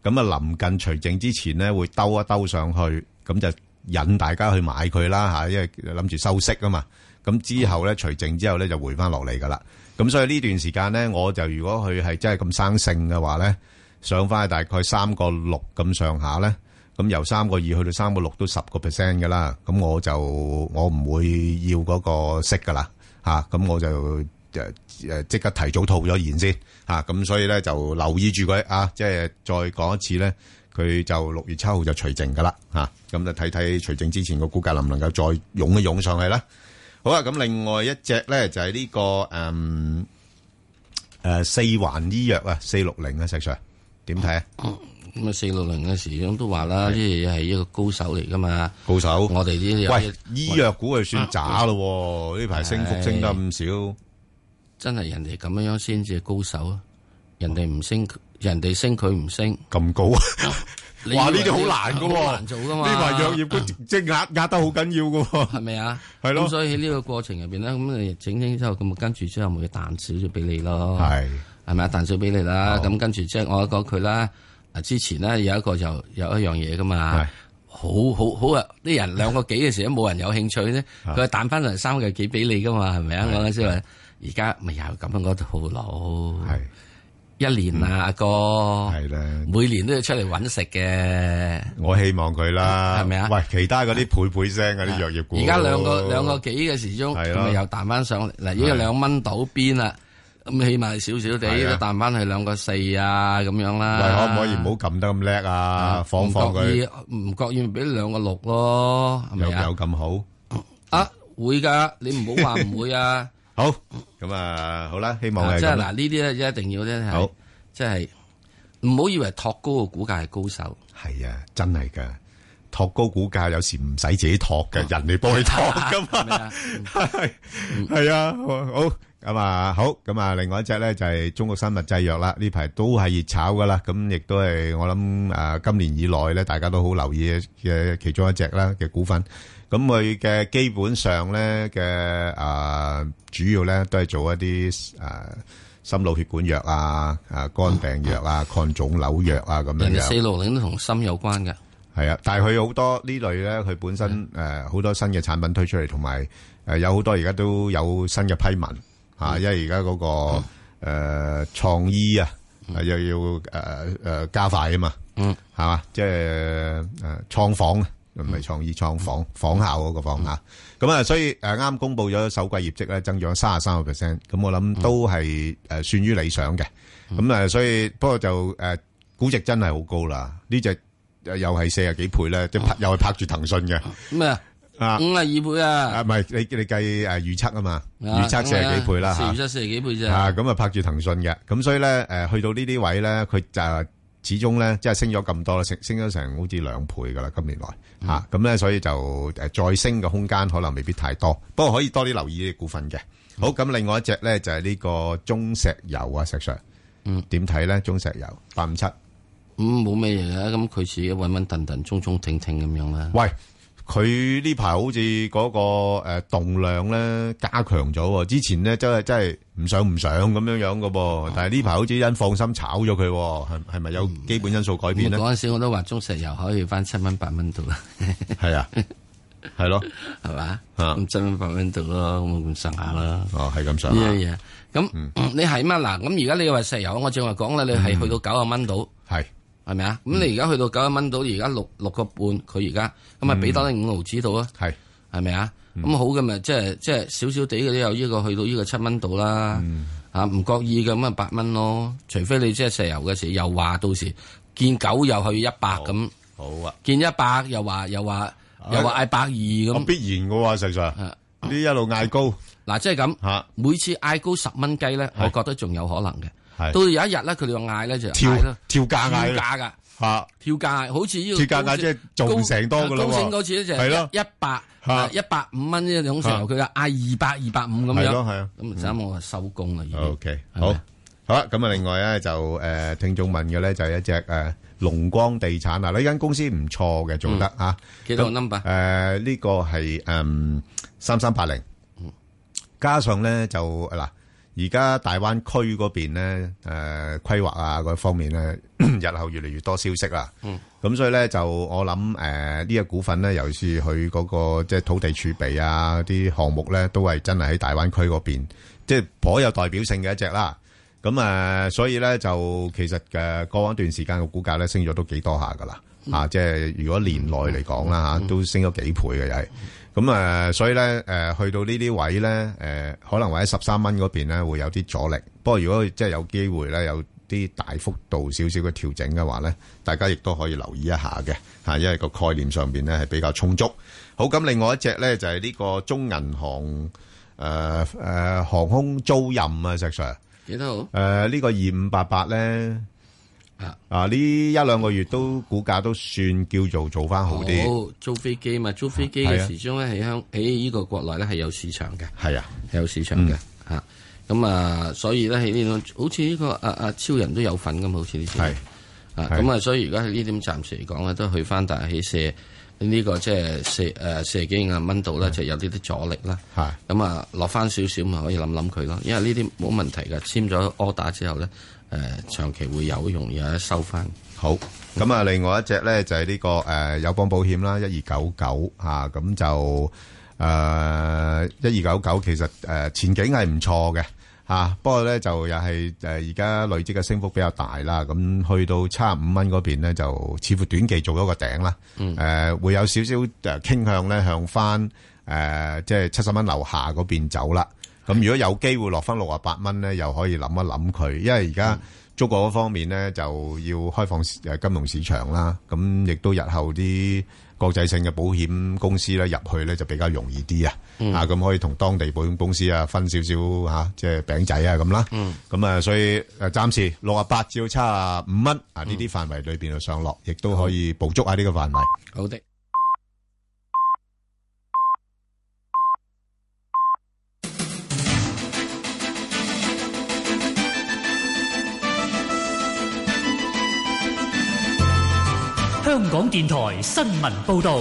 咁啊臨近除淨之前咧會兜一兜上去，咁就引大家去買佢啦嚇，因為諗住收息啊嘛。咁之後咧除淨之後咧就回翻落嚟噶啦。咁所以呢段時間咧，我就如果佢係真係咁生性嘅話咧，上翻去大概三個六咁上下咧。咁由三個二去到三個六都十個 percent 噶啦，咁我就我唔會要嗰個息噶啦，吓，咁我就誒誒即刻提早套咗現先，吓咁所以咧就留意住佢啊，即係再講一次咧，佢就六月七號就除淨噶啦，吓咁就睇睇除淨之前個股價能唔能夠再湧一湧上去啦。好啊，咁另外一隻咧就係呢個誒誒四環醫藥啊，四六零啊，60，石 Sir 點睇啊？嗯咁啊，四六零嗰時咁都話啦，呢樣嘢係一個高手嚟噶嘛？高手，我哋呢啲喂醫藥股係算渣咯，呢排升幅升得唔少，真係人哋咁樣樣先至係高手啊！人哋唔升，人哋升佢唔升，咁高啊！話呢啲好難噶，難做噶嘛？呢排藥業股即壓壓得好緊要噶，係咪啊？係咯，所以喺呢個過程入邊咧，咁啊整清之後咁，咪跟住之後咪彈少咗俾你咯，係係咪啊？彈少俾你啦，咁跟住即係我一講佢啦。啊！之前咧有一個就有一樣嘢噶嘛，好好好啊！啲人兩個幾嘅時候都冇人有興趣咧，佢彈翻嚟三個幾俾你噶嘛，係咪啊？我先話，而家咪又咁樣嗰套路，一年啊，阿哥，係啦，每年都要出嚟揾食嘅。我希望佢啦，係咪啊？喂，其他嗰啲倍倍聲嗰啲藥業股，而家兩個兩個幾嘅時鐘，咁咪又彈翻上嚟，嗱，而家兩蚊到邊啦？咁起碼係少少哋，彈翻係兩個四啊，咁樣啦。可唔可以唔好撳得咁叻啊？放放佢。唔覺意，唔覺意俾兩個六喎，係咪啊？有咁好？啊，會噶，你唔好話唔會啊。好，咁啊，好啦，希望係。即係嗱，呢啲咧一定要咧係。好，即係唔好以為托高個股價係高手。係啊，真係噶，托高股價有時唔使自己托噶，人哋幫你托噶嘛。係啊，好。咁啊，好，咁啊，另外一隻咧就係中國生物製藥啦。呢排都係熱炒㗎喇，咁亦都係我諗誒今年以來咧，大家都好留意嘅其中一隻啦嘅股份。咁佢嘅基本上咧嘅誒主要咧都係做一啲誒心腦血管藥啊、誒肝病藥啊、抗腫瘤藥啊咁樣樣。人哋四六零都同心有關嘅，係啊，但係佢好多呢類咧，佢本身誒好多新嘅產品推出嚟，同埋誒有好多而家都有新嘅批文。啊，因為而家嗰個誒創、嗯呃、意啊，又要誒誒加快啊嘛，係嘛、嗯，即係誒創房啊，唔係創意創房，房效嗰個房啊，咁、嗯、啊，所以誒啱公布咗首季業績咧，增長三十三個 percent，咁我諗都係誒算於理想嘅，咁啊、嗯，所以不過就誒、呃、估值真係好高啦，呢隻又係四十幾倍咧，即、嗯、拍又係拍住騰訊嘅咩啊。啊，五啊二倍啊！啊，唔係你你計誒預測啊嘛，預測四十幾倍啦吓，預測四十幾倍啫。啊，咁啊拍住騰訊嘅，咁所以咧誒去到呢啲位咧，佢就始終咧即係升咗咁多啦，升升咗成好似兩倍噶啦，今年來吓，咁咧所以就誒再升嘅空間可能未必太多，不過可以多啲留意啲股份嘅。好，咁另外一隻咧就係呢個中石油啊，石 Sir 嗯點睇咧？中石油八五七咁冇咩嘢啊，咁佢自己穩穩陣陣、中中定定咁樣啦。喂。佢呢排好似嗰個誒動量咧加強咗，之前咧真係真係唔想唔想咁樣樣噶噃，但係呢排好似有人放心炒咗佢，係係咪有基本因素改變咧？我嗰、嗯、時我都話中石油可以翻七蚊八蚊度到，係 啊，係咯，係嘛，啊，七蚊八蚊度啦，咁 上下啦，哦，係咁上下。係啊、yeah, yeah.，咁、嗯、你係乜？嗱？咁而家你話石油，我正話講啦，你係去到九啊蚊度。係、嗯。嗯係咪啊？咁你而家去到九一蚊到，而家六六個半，佢而家咁啊，俾多你五毫子度啊！係係咪啊？咁好嘅咪即係即係少少啲嘅都有呢個去到呢個七蚊度啦。吓唔覺意嘅咁啊八蚊咯，除非你即係石油嘅時又話到時見九又去一百咁。好啊見！見一百又話又話又話嗌百二咁。樣必然嘅喎 Sir 呢是、啊、一路嗌高。嗱、啊，即係咁，啊、每次嗌高十蚊雞咧，我覺得仲有可能嘅。到有一日咧，佢哋就嗌，咧就跳跳價嗌，跳價噶吓跳價，好似呢個跳價即係做成多噶啦，高升嗰次咧就係咯，一百一百五蚊呢種時候，佢啊嗌二百二百五咁樣，係咯係啊，咁啊，等我收工啦，O K，好好啦，咁啊，另外咧就誒，聽眾問嘅咧就係一隻誒，龍光地產啊，呢間公司唔錯嘅，做得吓。幾多個 number？誒，呢個係誒三三八零，加上咧就嗱。而家大灣區嗰邊咧，誒規劃啊，嗰方面咧， 日後越嚟越多消息啦。咁、嗯、所以咧，就我諗誒呢個股份咧，尤其是佢嗰個即係土地儲備啊，啲項目咧，都係真係喺大灣區嗰邊，即係頗有代表性嘅一隻啦。咁、嗯、誒，嗯嗯、所以咧就其實嘅、呃、過一段時間嘅股價咧，升咗都幾多下噶啦。啊，即係如果年內嚟講啦吓，都升咗幾倍嘅又係。嗯嗯咁誒、嗯，所以咧，誒、呃、去到呢啲位咧，誒、呃、可能或者十三蚊嗰邊咧會有啲阻力。不過如果即係有機會咧，有啲大幅度少少嘅調整嘅話咧，大家亦都可以留意一下嘅嚇，因為個概念上邊咧係比較充足。好，咁另外一隻咧就係呢個中銀行誒誒、呃呃、航空租賃啊，石 Sir 幾多少？誒、呃這個、呢個二五八八咧。啊！啊呢一兩個月都股價都算叫做做翻好啲。租、哦、飛機嘛，租飛機嘅始終咧喺香喺呢、啊、個國內咧係有市場嘅。係啊，有市場嘅吓。咁、嗯、啊，啊，所以咧喺呢種好似呢、這個阿阿、啊、超人都有份咁，好似呢啲係啊。咁是啊，所以而家喺呢點暫時嚟講咧，都去翻，但係喺四呢個即係四誒四十啊蚊度咧，就有呢啲阻力啦。係咁是啊，落翻少少咪可以諗諗佢咯。因為呢啲冇問題噶，簽咗 order 之後咧。誒、呃，長期會有，容易收翻。好，咁啊，另外一隻咧就係、是、呢、這個誒友邦保險啦，一二九九吓，咁就誒一二九九，呃、其實誒、呃、前景係唔錯嘅吓，不過咧就又係誒而家累積嘅升幅比較大啦，咁去到七十五蚊嗰邊咧就似乎短期做咗個頂啦，誒、嗯呃、會有少少誒傾向咧向翻誒即係七十蚊樓下嗰邊走啦。咁如果有機會落翻六啊八蚊咧，又可以諗一諗佢，因為而家中國嗰方面咧就要開放誒金融市場啦，咁亦都日後啲國際性嘅保險公司咧入去咧就比較容易啲、嗯、啊，啊咁可以同當地保險公司啊分少少嚇即係餅仔啊咁啦，咁啊、嗯、所以暫時六啊八至到七啊五蚊啊呢啲範圍裏邊就上落，亦都、嗯、可以捕捉下呢個範圍。好的。電台新聞報道：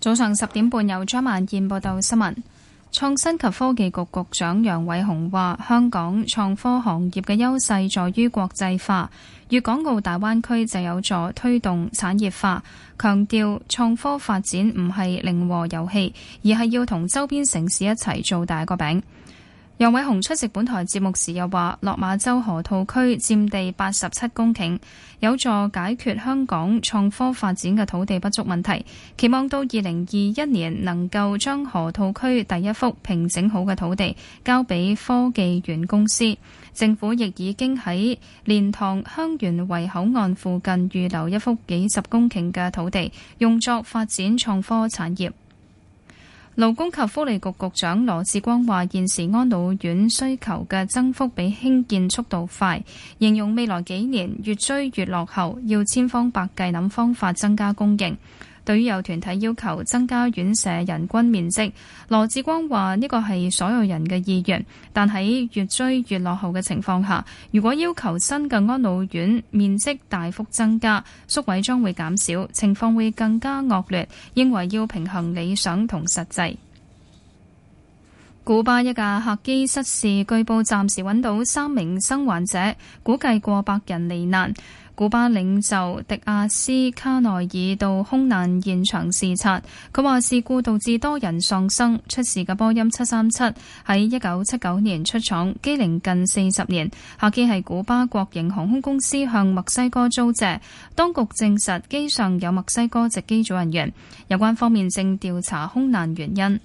早上十點半，由張萬燕報道新聞。創新及科技局局長楊偉雄話，香港創科行業嘅優勢在於國際化，粵港澳大灣區就有助推動產業化。強調創科發展唔係零和遊戲，而係要同周邊城市一齊做大個餅。楊偉雄出席本台節目時又話，落馬洲河套區占地八十七公頃，有助解決香港創科發展嘅土地不足問題，期望到二零二一年能夠將河套區第一幅平整好嘅土地交俾科技園公司。政府亦已經喺蓮塘香園圍口岸附近預留一幅幾十公頃嘅土地，用作發展創科產業。勞工及福利局局長羅志光話：現時安老院需求嘅增幅比興建速度快，形容未來幾年越追越落後，要千方百計諗方法增加供應。對於有團體要求增加院舍人均面積，羅致光話：呢個係所有人嘅意願，但喺越追越落後嘅情況下，如果要求新嘅安老院面積大幅增加，宿位將會減少，情況會更加惡劣。認為要平衡理想同實際。古巴一架客機失事，據報暫時揾到三名生還者，估計過百人罹難。古巴領袖迪亞斯卡內爾到空難現場視察，佢話事故導致多人喪生。出事嘅波音七三七喺一九七九年出廠，機齡近四十年。客機係古巴國營航空公司向墨西哥租借。當局證實機上有墨西哥籍機組人員，有關方面正調查空難原因。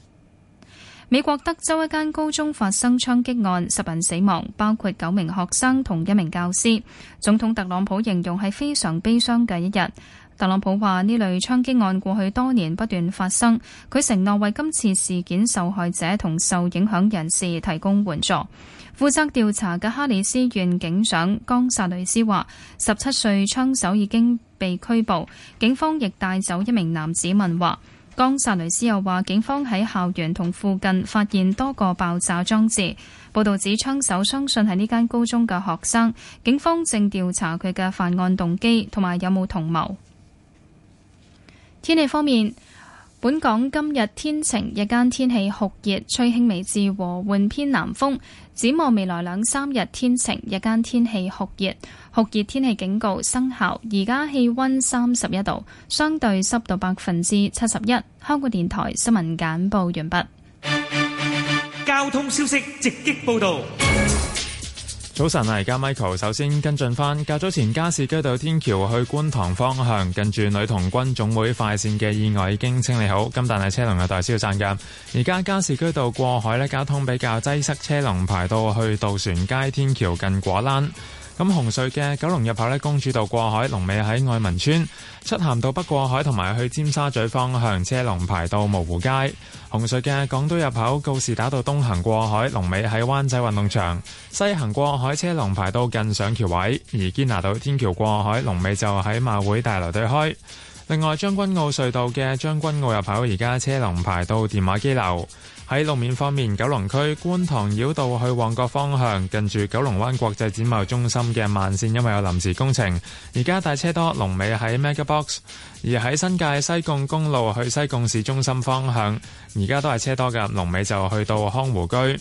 美國德州一間高中發生槍擊案，十人死亡，包括九名學生同一名教師。總統特朗普形容係非常悲傷嘅一日。特朗普話呢類槍擊案過去多年不斷發生，佢承諾為今次事件受害者同受影響人士提供援助。負責調查嘅哈里斯縣警長岡薩雷斯話，十七歲槍手已經被拘捕，警方亦帶走一名男子問話。岡薩雷斯又話，警方喺校園同附近發現多個爆炸裝置。報道指槍手相信係呢間高中嘅學生，警方正調查佢嘅犯案動機同埋有冇同謀。天氣方面，本港今日天晴，日間天氣酷熱，吹輕微至和緩偏南風。展望未來兩三日天晴，日間天氣酷熱。酷熱天氣警告生效。而家氣溫三十一度，相對濕度百分之七十一。香港電台新聞簡報完畢。交通消息直擊報道。早晨啊，而家 Michael，首先跟進返較早前加士居道天橋去觀塘方向，近住女童軍總會快線嘅意外已經清理好，咁但係車龍有待消散㗎。而家加士居道過海呢，交通比較擠塞，車龍排到去渡船街天橋近果欄。咁紅隧嘅九龍入口咧，公主道過海，龍尾喺愛民村；漆咸道北過海同埋去尖沙咀方向，車龍排到蕪湖街。紅隧嘅港島入口告士打道東行過海，龍尾喺灣仔運動場；西行過海車龍排到近上橋位。而堅拿道天橋過海，龍尾就喺馬會大樓對開。另外將軍澳隧道嘅將軍澳入口而家車龍排到電話機樓。喺路面方面，九龍區觀塘繞道去旺角方向，近住九龍灣國際展貿中心嘅慢線，因為有臨時工程，而家大車多。龍尾喺 Mega Box。而喺新界西貢公路去西貢市中心方向，而家都係車多嘅，龍尾就去到康湖居。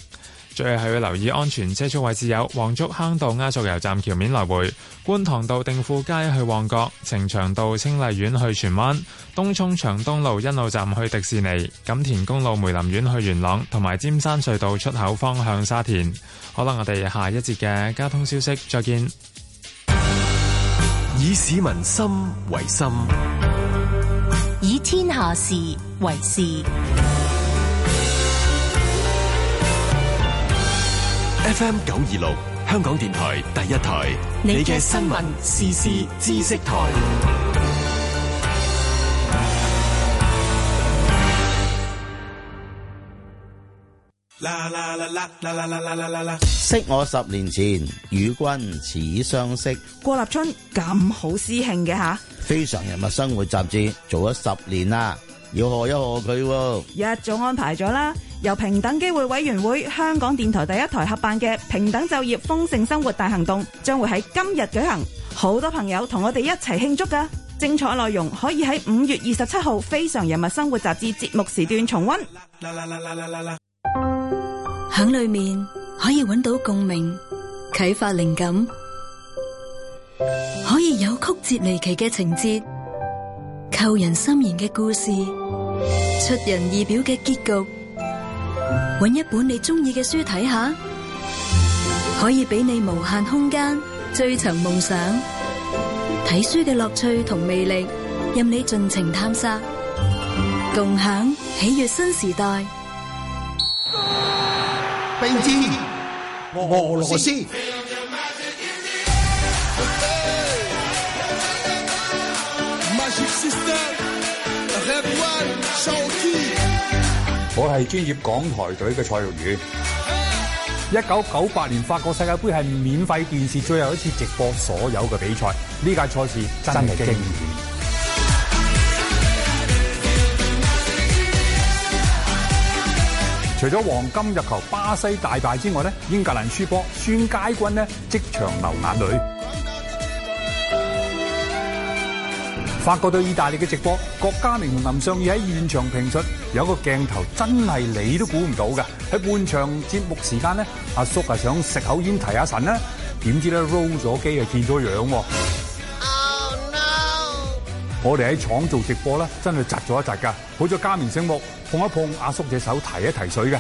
最後要留意安全車速位置有黃竹坑道、鴨脷洲站橋面來回、觀塘道定富街去旺角、呈祥道清麗苑去荃灣、東涌長東路一路站去迪士尼、錦田公路梅林苑去元朗、同埋尖山隧道出口方向沙田。好啦，我哋下一節嘅交通消息再見。以市民心為心，以天下事為事。FM 九二六，香港電台第一台，你嘅新聞時事知識臺。啦啦啦啦啦啦啦啦啦！識我十年前與君似相識，郭立春咁好師兄嘅吓，非常人物生活雜誌做咗十年啦。要學一學佢喎，一早安排咗啦。由平等機會委員會、香港電台第一台合辦嘅平等就業、豐盛生活大行動，將會喺今日舉行。好多朋友同我哋一齊慶祝噶，精彩內容可以喺五月二十七號《非常人物生活》雜誌節，節目時段重溫。喺裏面可以揾到共鳴、啟發靈感，可以有曲折離奇嘅情節。扣人心弦嘅故事，出人意表嘅結局，搵一本你中意嘅書睇下，可以俾你無限空間追尋夢想。睇書嘅樂趣同魅力，任你盡情探索，共享喜悅新時代。並肩俄羅斯。我係專業港台隊嘅蔡玉宇。一九九八年法國世界盃係免費電視最後一次直播所有嘅比賽，呢屆賽事真係經典。除咗黃金入球巴西大敗之外，呢英格蘭輸波，孫佳君呢即場流眼淚。法國對意大利嘅直播，郭家明同林尚義喺現場評述，有個鏡頭真係你都估唔到嘅。喺半場節目時間咧，阿叔係想食口煙提下神啦，點知咧 roll 咗機啊，見咗樣。Oh no！我哋喺廠做直播咧，真係窒咗一窒噶。好咗，家明醒目碰一碰阿叔隻手，提一提水嘅，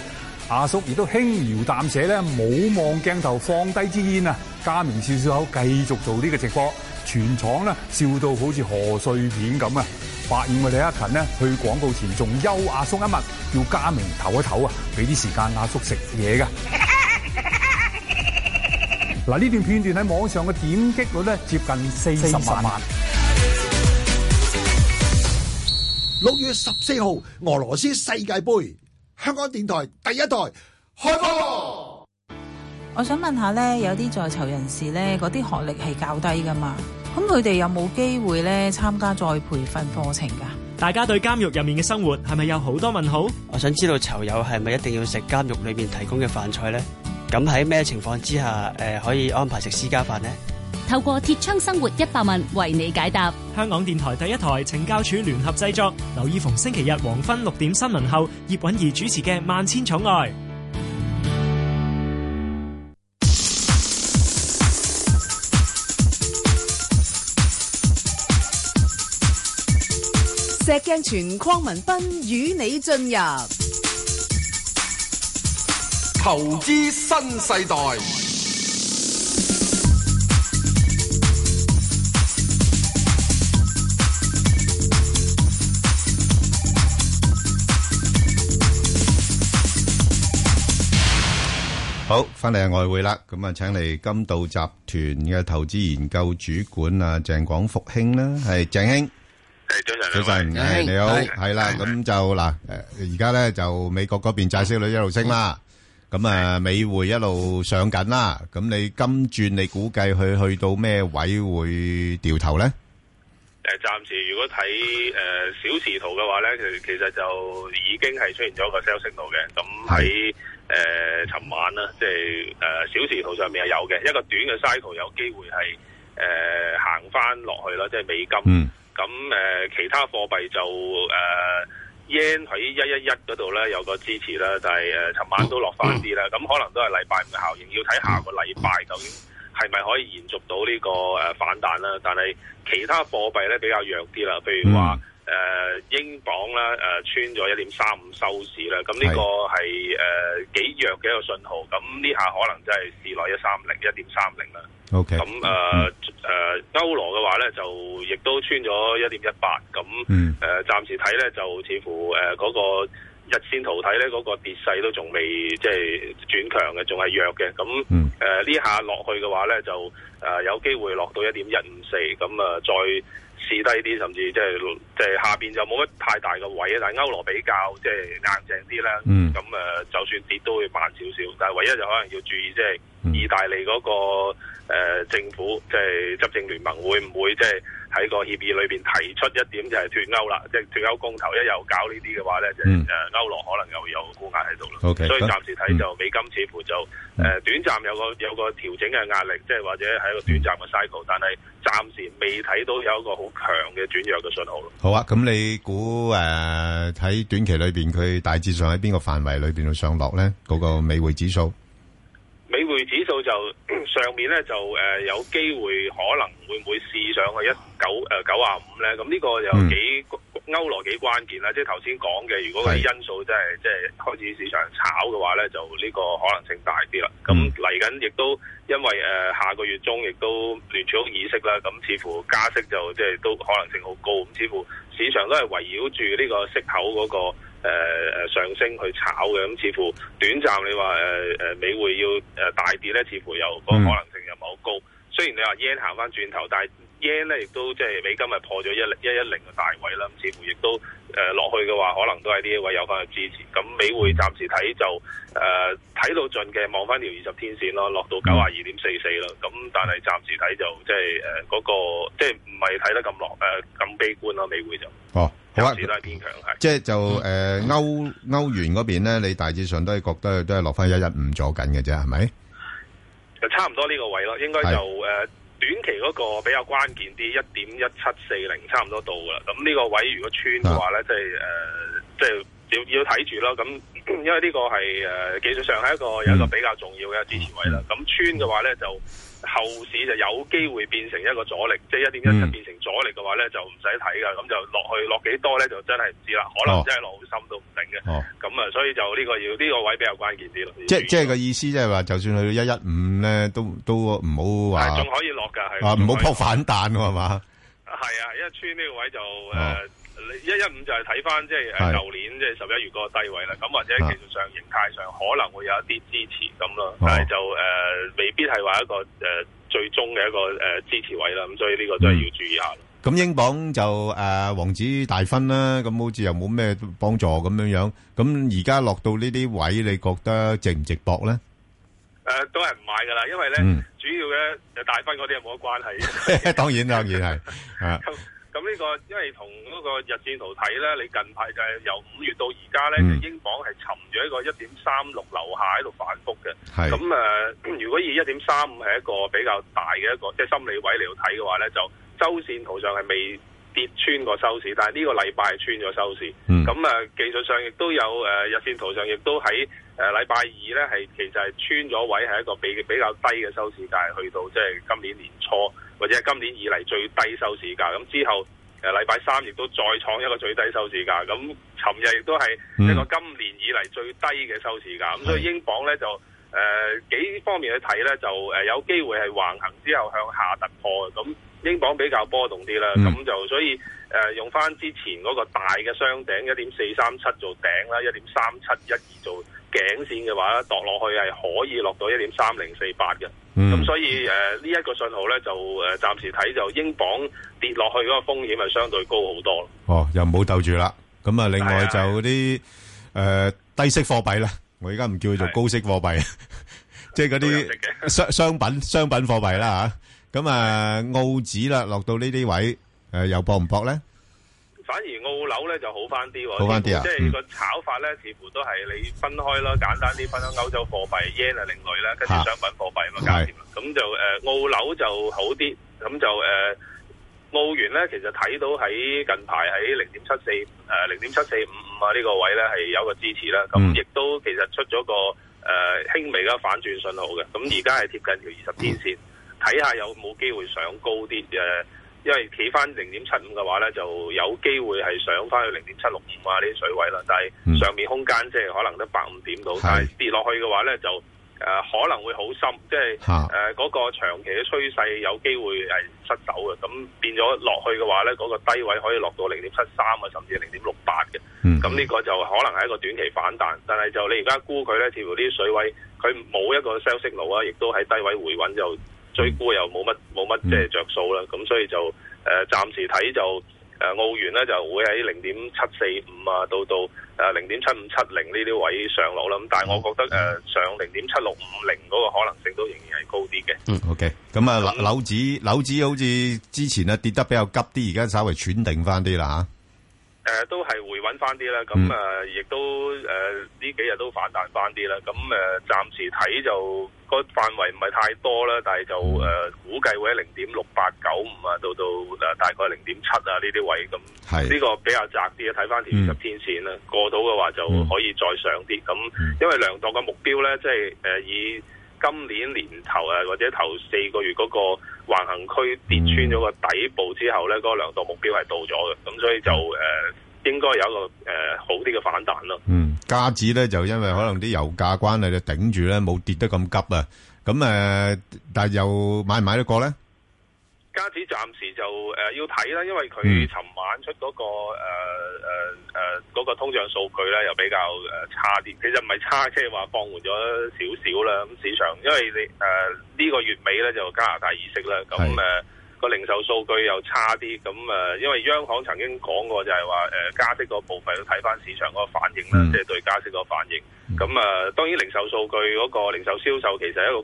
阿叔亦都輕描淡寫咧，冇望鏡頭放，放低支煙啊，家明笑笑口，繼續做呢個直播。全廠咧笑到好似賀歲片咁啊！發現我哋克勤咧去廣告前仲休、啊休、休啊、阿叔一密，叫家明唞一唞啊！俾啲時間阿叔食嘢噶。嗱呢段片段喺網上嘅點擊率咧接近四十萬萬。六萬月十四號俄羅斯世界盃，香港電台第一台開播。我想問下咧，有啲在囚人士咧，嗰啲學歷係較低噶嘛？咁佢哋有冇機會咧參加再培訓課程噶？大家對監獄入面嘅生活係咪有好多問號？我想知道囚友係咪一定要食監獄裏面提供嘅飯菜呢？咁喺咩情況之下誒、呃、可以安排食私家飯呢？透過鐵窗生活一百問為你解答。香港電台第一台懲教處聯合製作，留意逢星期日黃昏六點新聞後，葉穎儀主持嘅萬千寵愛。石鏡泉、鄺民彬與你進入投資新世代。好，翻嚟係外匯啦，咁啊，請嚟金道集團嘅投資研究主管啊，鄭廣福兄啦，係鄭兄。早晨，早晨，係你好，係啦，咁就嗱，誒，而家咧就美國嗰邊債息率一路升啦，咁啊，美匯一路上緊啦，咁你今轉你估計佢去到咩位會掉頭咧？誒，暫時如果睇誒小時圖嘅話咧，其實其實就已經係出現咗個 sell signal 嘅，咁喺誒，尋晚啦，即係誒小時圖上面係有嘅，一個短嘅 cycle 有機會係誒行翻落去啦，即係美金。其他貨幣就誒 yen 喺一一一嗰度咧有個支持啦，但係誒尋晚都落翻啲啦，咁、嗯、可能都係禮拜五嘅效應，要睇下個禮拜究竟係咪可以延續到呢、這個誒、呃、反彈啦。但係其他貨幣咧比較弱啲啦，譬如話，誒、uh, 英鎊咧誒穿咗一點三五收市啦，咁呢個係誒是、呃、幾弱嘅一個信號。咁呢下可能真係市內一三零、一點三零啦。OK，咁誒誒歐羅嘅話咧，就亦都穿咗一點一八。咁誒、嗯呃、暫時睇咧，就似乎誒嗰、呃那個日線圖睇咧，嗰、那個跌勢都仲未即係轉強嘅，仲係弱嘅。咁誒、嗯呃呃、呢下落去嘅話咧，就誒、呃、有機會落到一點一五四，咁啊再，再再試低啲，甚至即係即係下邊就冇乜太大嘅位啊，但係歐羅比較即係、即係、硬淨啲啦。咁誒、嗯，就算跌都會慢少少，但係唯一就可能要注意即係。即係意大利嗰、那個、呃、政府即係、就是、執政聯盟會唔會即係喺個協議裏邊提出一點就係脱歐啦，即係脱歐公投一又搞呢啲嘅話咧，嗯、就誒、是、歐羅可能又有沽壓喺度啦。Okay, 所以暫時睇就美金似乎就誒、嗯呃、短暫有個有個調整嘅壓力，即、就、係、是、或者係一個短暫嘅 cycle，嗯、但係暫時未睇到有一個好強嘅轉弱嘅信號咯。好啊，咁你估誒喺短期裏邊佢大致上喺邊個範圍裏邊度上落咧？嗰、那個美匯指數？美匯指數就上面咧就誒、呃、有機會可能會唔會試上去一九誒九啊五咧？咁、呃、呢、嗯、個又幾歐羅幾關鍵啦！即係頭先講嘅，如果係因素真係、就是、即係開始市場炒嘅話咧，就呢個可能性大啲啦。咁嚟緊亦都因為誒、呃、下個月中亦都聯儲局議息啦，咁似乎加息就即係都可能性好高。咁似乎市場都係圍繞住呢個息口嗰、那個。誒誒、呃、上升去炒嘅，咁似乎短暫你話誒誒美匯要誒、呃、大跌咧，似乎有個可能性又唔係好高。嗯、雖然你話 yen 行翻轉頭，但係 yen 咧亦都即係美金係破咗一零一一零嘅大位啦。咁似乎亦都誒落、呃、去嘅話，可能都喺呢一位有翻嘅支持。咁美匯暫時睇就誒睇、呃、到盡嘅，望翻條二十天線咯，落到九啊二點四四啦。咁但係暫時睇就即係誒嗰個即係唔係睇得咁落誒咁悲觀咯，美、呃、匯、呃呃呃呃、就哦。呃好啊，市都係變強，係即係就誒，歐歐元嗰邊咧，你大致上都係覺得都係落翻一一五咗緊嘅啫，係咪？就差唔多呢個位咯，應該就誒是短期嗰個比較關鍵啲，一點一七四零差唔多到噶啦。咁呢個位如果穿嘅話咧，即係誒，即係、即係呃即係、要要睇住咯。咁因為呢個係誒、呃、技術上係一個有一個比較重要嘅支持位啦。咁、嗯、穿嘅話咧就。後市就有機會變成一個阻力，即係一點一七變成阻力嘅話咧，就唔使睇噶，咁就落去落幾多咧，就真係唔知啦，可能真係落好深都唔定嘅。哦，咁啊，所以就呢個要呢、呢個位比較關鍵啲咯。即係去即係個意思，即係話，就算去到一一五咧，都都唔好話。仲、啊、可以落㗎，係啊，唔好、啊、撲反彈係嘛？係啊，因為穿呢個位就誒。一一五就係睇翻即係舊年即係十一月嗰個低位啦，咁或者技術上形態上可能會有一啲支持咁咯，但係就誒未必係話一個誒最終嘅一個誒支持位啦，咁所以呢個都係要注意下。咁英鎊就誒王子大婚啦，咁好似又冇咩幫助咁樣樣，咁而家落到呢啲位，你覺得值唔值搏咧？誒，都係唔買噶啦，因為咧主要嘅就大婚嗰啲有冇關係？當然啦，當然係啊。咁呢、呢個因為同嗰個日線圖睇咧，你近排就係由五月到而家咧，嗯、英鎊係沉住一個一點三六樓下喺度反覆嘅。咁誒是、呃，如果以一點三五係一個比較大嘅一個即係、即係、心理位嚟到睇嘅話咧，就周線圖上係未跌穿過收市，但係呢個禮拜係穿咗收市。咁誒、嗯啊、技術上亦都有誒、呃、日線圖上亦都喺誒禮拜二咧係其實係穿咗位係一個比比較低嘅收市，但係去到即係今年年初。或者係今年以嚟最低收市價，咁之後誒禮拜三亦都再創一個最低收市價，咁尋日亦都係一個今年以嚟最低嘅收市價，咁、嗯、所以英鎊咧就誒、呃、幾方面去睇咧，就誒、呃、有機會係橫行之後向下突破，咁英鎊比較波動啲啦，咁、嗯、就所以誒、呃、用翻之前嗰個大嘅雙頂一點四三七做頂啦，一點三七一二做。頸線嘅話，跌落去係可以落到一點三零四八嘅，咁所以誒呢一個信號咧就誒暫時睇就英鎊跌落去嗰個風險係相對高好多咯。哦，又唔好鬥住啦，咁啊，另外就嗰啲誒低息貨幣咧，我而家唔叫佢做高息貨幣，即係嗰啲商商品商品貨幣啦吓，咁啊澳紙啦落到呢啲位誒，又搏唔搏咧？反而澳紐咧就好翻啲喎，好啊、即係個炒法咧似乎都係你分開咯，嗯、簡單啲分開歐洲貨幣 yen 啊另類啦，跟住商品貨幣啊嘛，價錢啊，咁就誒、呃、澳紐就好啲，咁就誒、呃、澳元咧其實睇到喺近排喺零點七四誒零點七四五五啊呢個位咧係有一個支持啦，咁亦都其實出咗個誒、呃、輕微嘅反轉信號嘅，咁而家係貼近條二十天線，睇下、嗯、有冇機會上高啲嘅。呃因為企翻零點七五嘅話咧，就有機會係上翻去零點七六五啊呢啲水位啦，但係上面空間即係可能得百五點度，但係跌落去嘅話咧就誒、呃、可能會好深，即係誒嗰個長期嘅趨勢有機會係失守嘅，咁變咗落去嘅話咧，嗰、那個低位可以落到零點七三啊，甚至零點六八嘅，咁呢、嗯、個就可能係一個短期反彈，但係就你而家估佢咧，似乎呢啲水位佢冇一個消息路啊，亦都喺低位回穩就。嗯嗯、水沽又冇乜冇乜即係着數啦，咁、嗯、所以就誒、呃、暫時睇就誒、呃、澳元咧就會喺零點七四五啊到到誒零點七五七零呢啲位上落啦，咁但係我覺得誒、嗯呃、上零點七六五零嗰個可能性都仍然係高啲嘅。嗯，OK，咁啊樓指樓指好似之前啊跌得比較急啲，而家稍微喘定翻啲啦嚇。啊誒、呃、都係回穩翻啲啦，咁誒亦都誒呢、呃、幾日都反彈翻啲啦，咁誒暫時睇就、個範圍唔係太多啦，但係就誒、嗯呃、估計會喺零點六八九五啊，到到誒、呃、大概零點七啊呢啲位咁，呢、嗯、是個比較窄啲啊，睇翻條十天線啦，嗯、過到嘅話就可以再上啲咁，嗯嗯、因為量度嘅目標咧，即係誒、呃、以今年年頭啊，或者頭四個月嗰個。橫行區跌穿咗個底部之後咧，嗰量度目標係到咗嘅。咁所以就誒、呃、應該有一個誒、呃、好啲嘅反彈咯。加子咧就因為可能啲油價關係咧，頂住咧，冇跌得咁急啊。咁誒、呃，但係又買唔買得過咧？加息暫時就誒、呃、要睇啦，因為佢尋晚出嗰、那個誒誒誒通脹數據咧，又比較誒、呃、差啲。其實唔係差，即係話放緩咗少少啦。咁市場因為你誒呢個月尾咧就加拿大議息啦，咁誒個零售數據又差啲。咁、呃、誒因為央行曾經講過就係話誒加息嗰部分都睇返市場嗰個反應啦，即係、嗯、對加息嗰反應。咁啊、嗯嗯，當然零售數據嗰、那個零售銷售其實，其實一個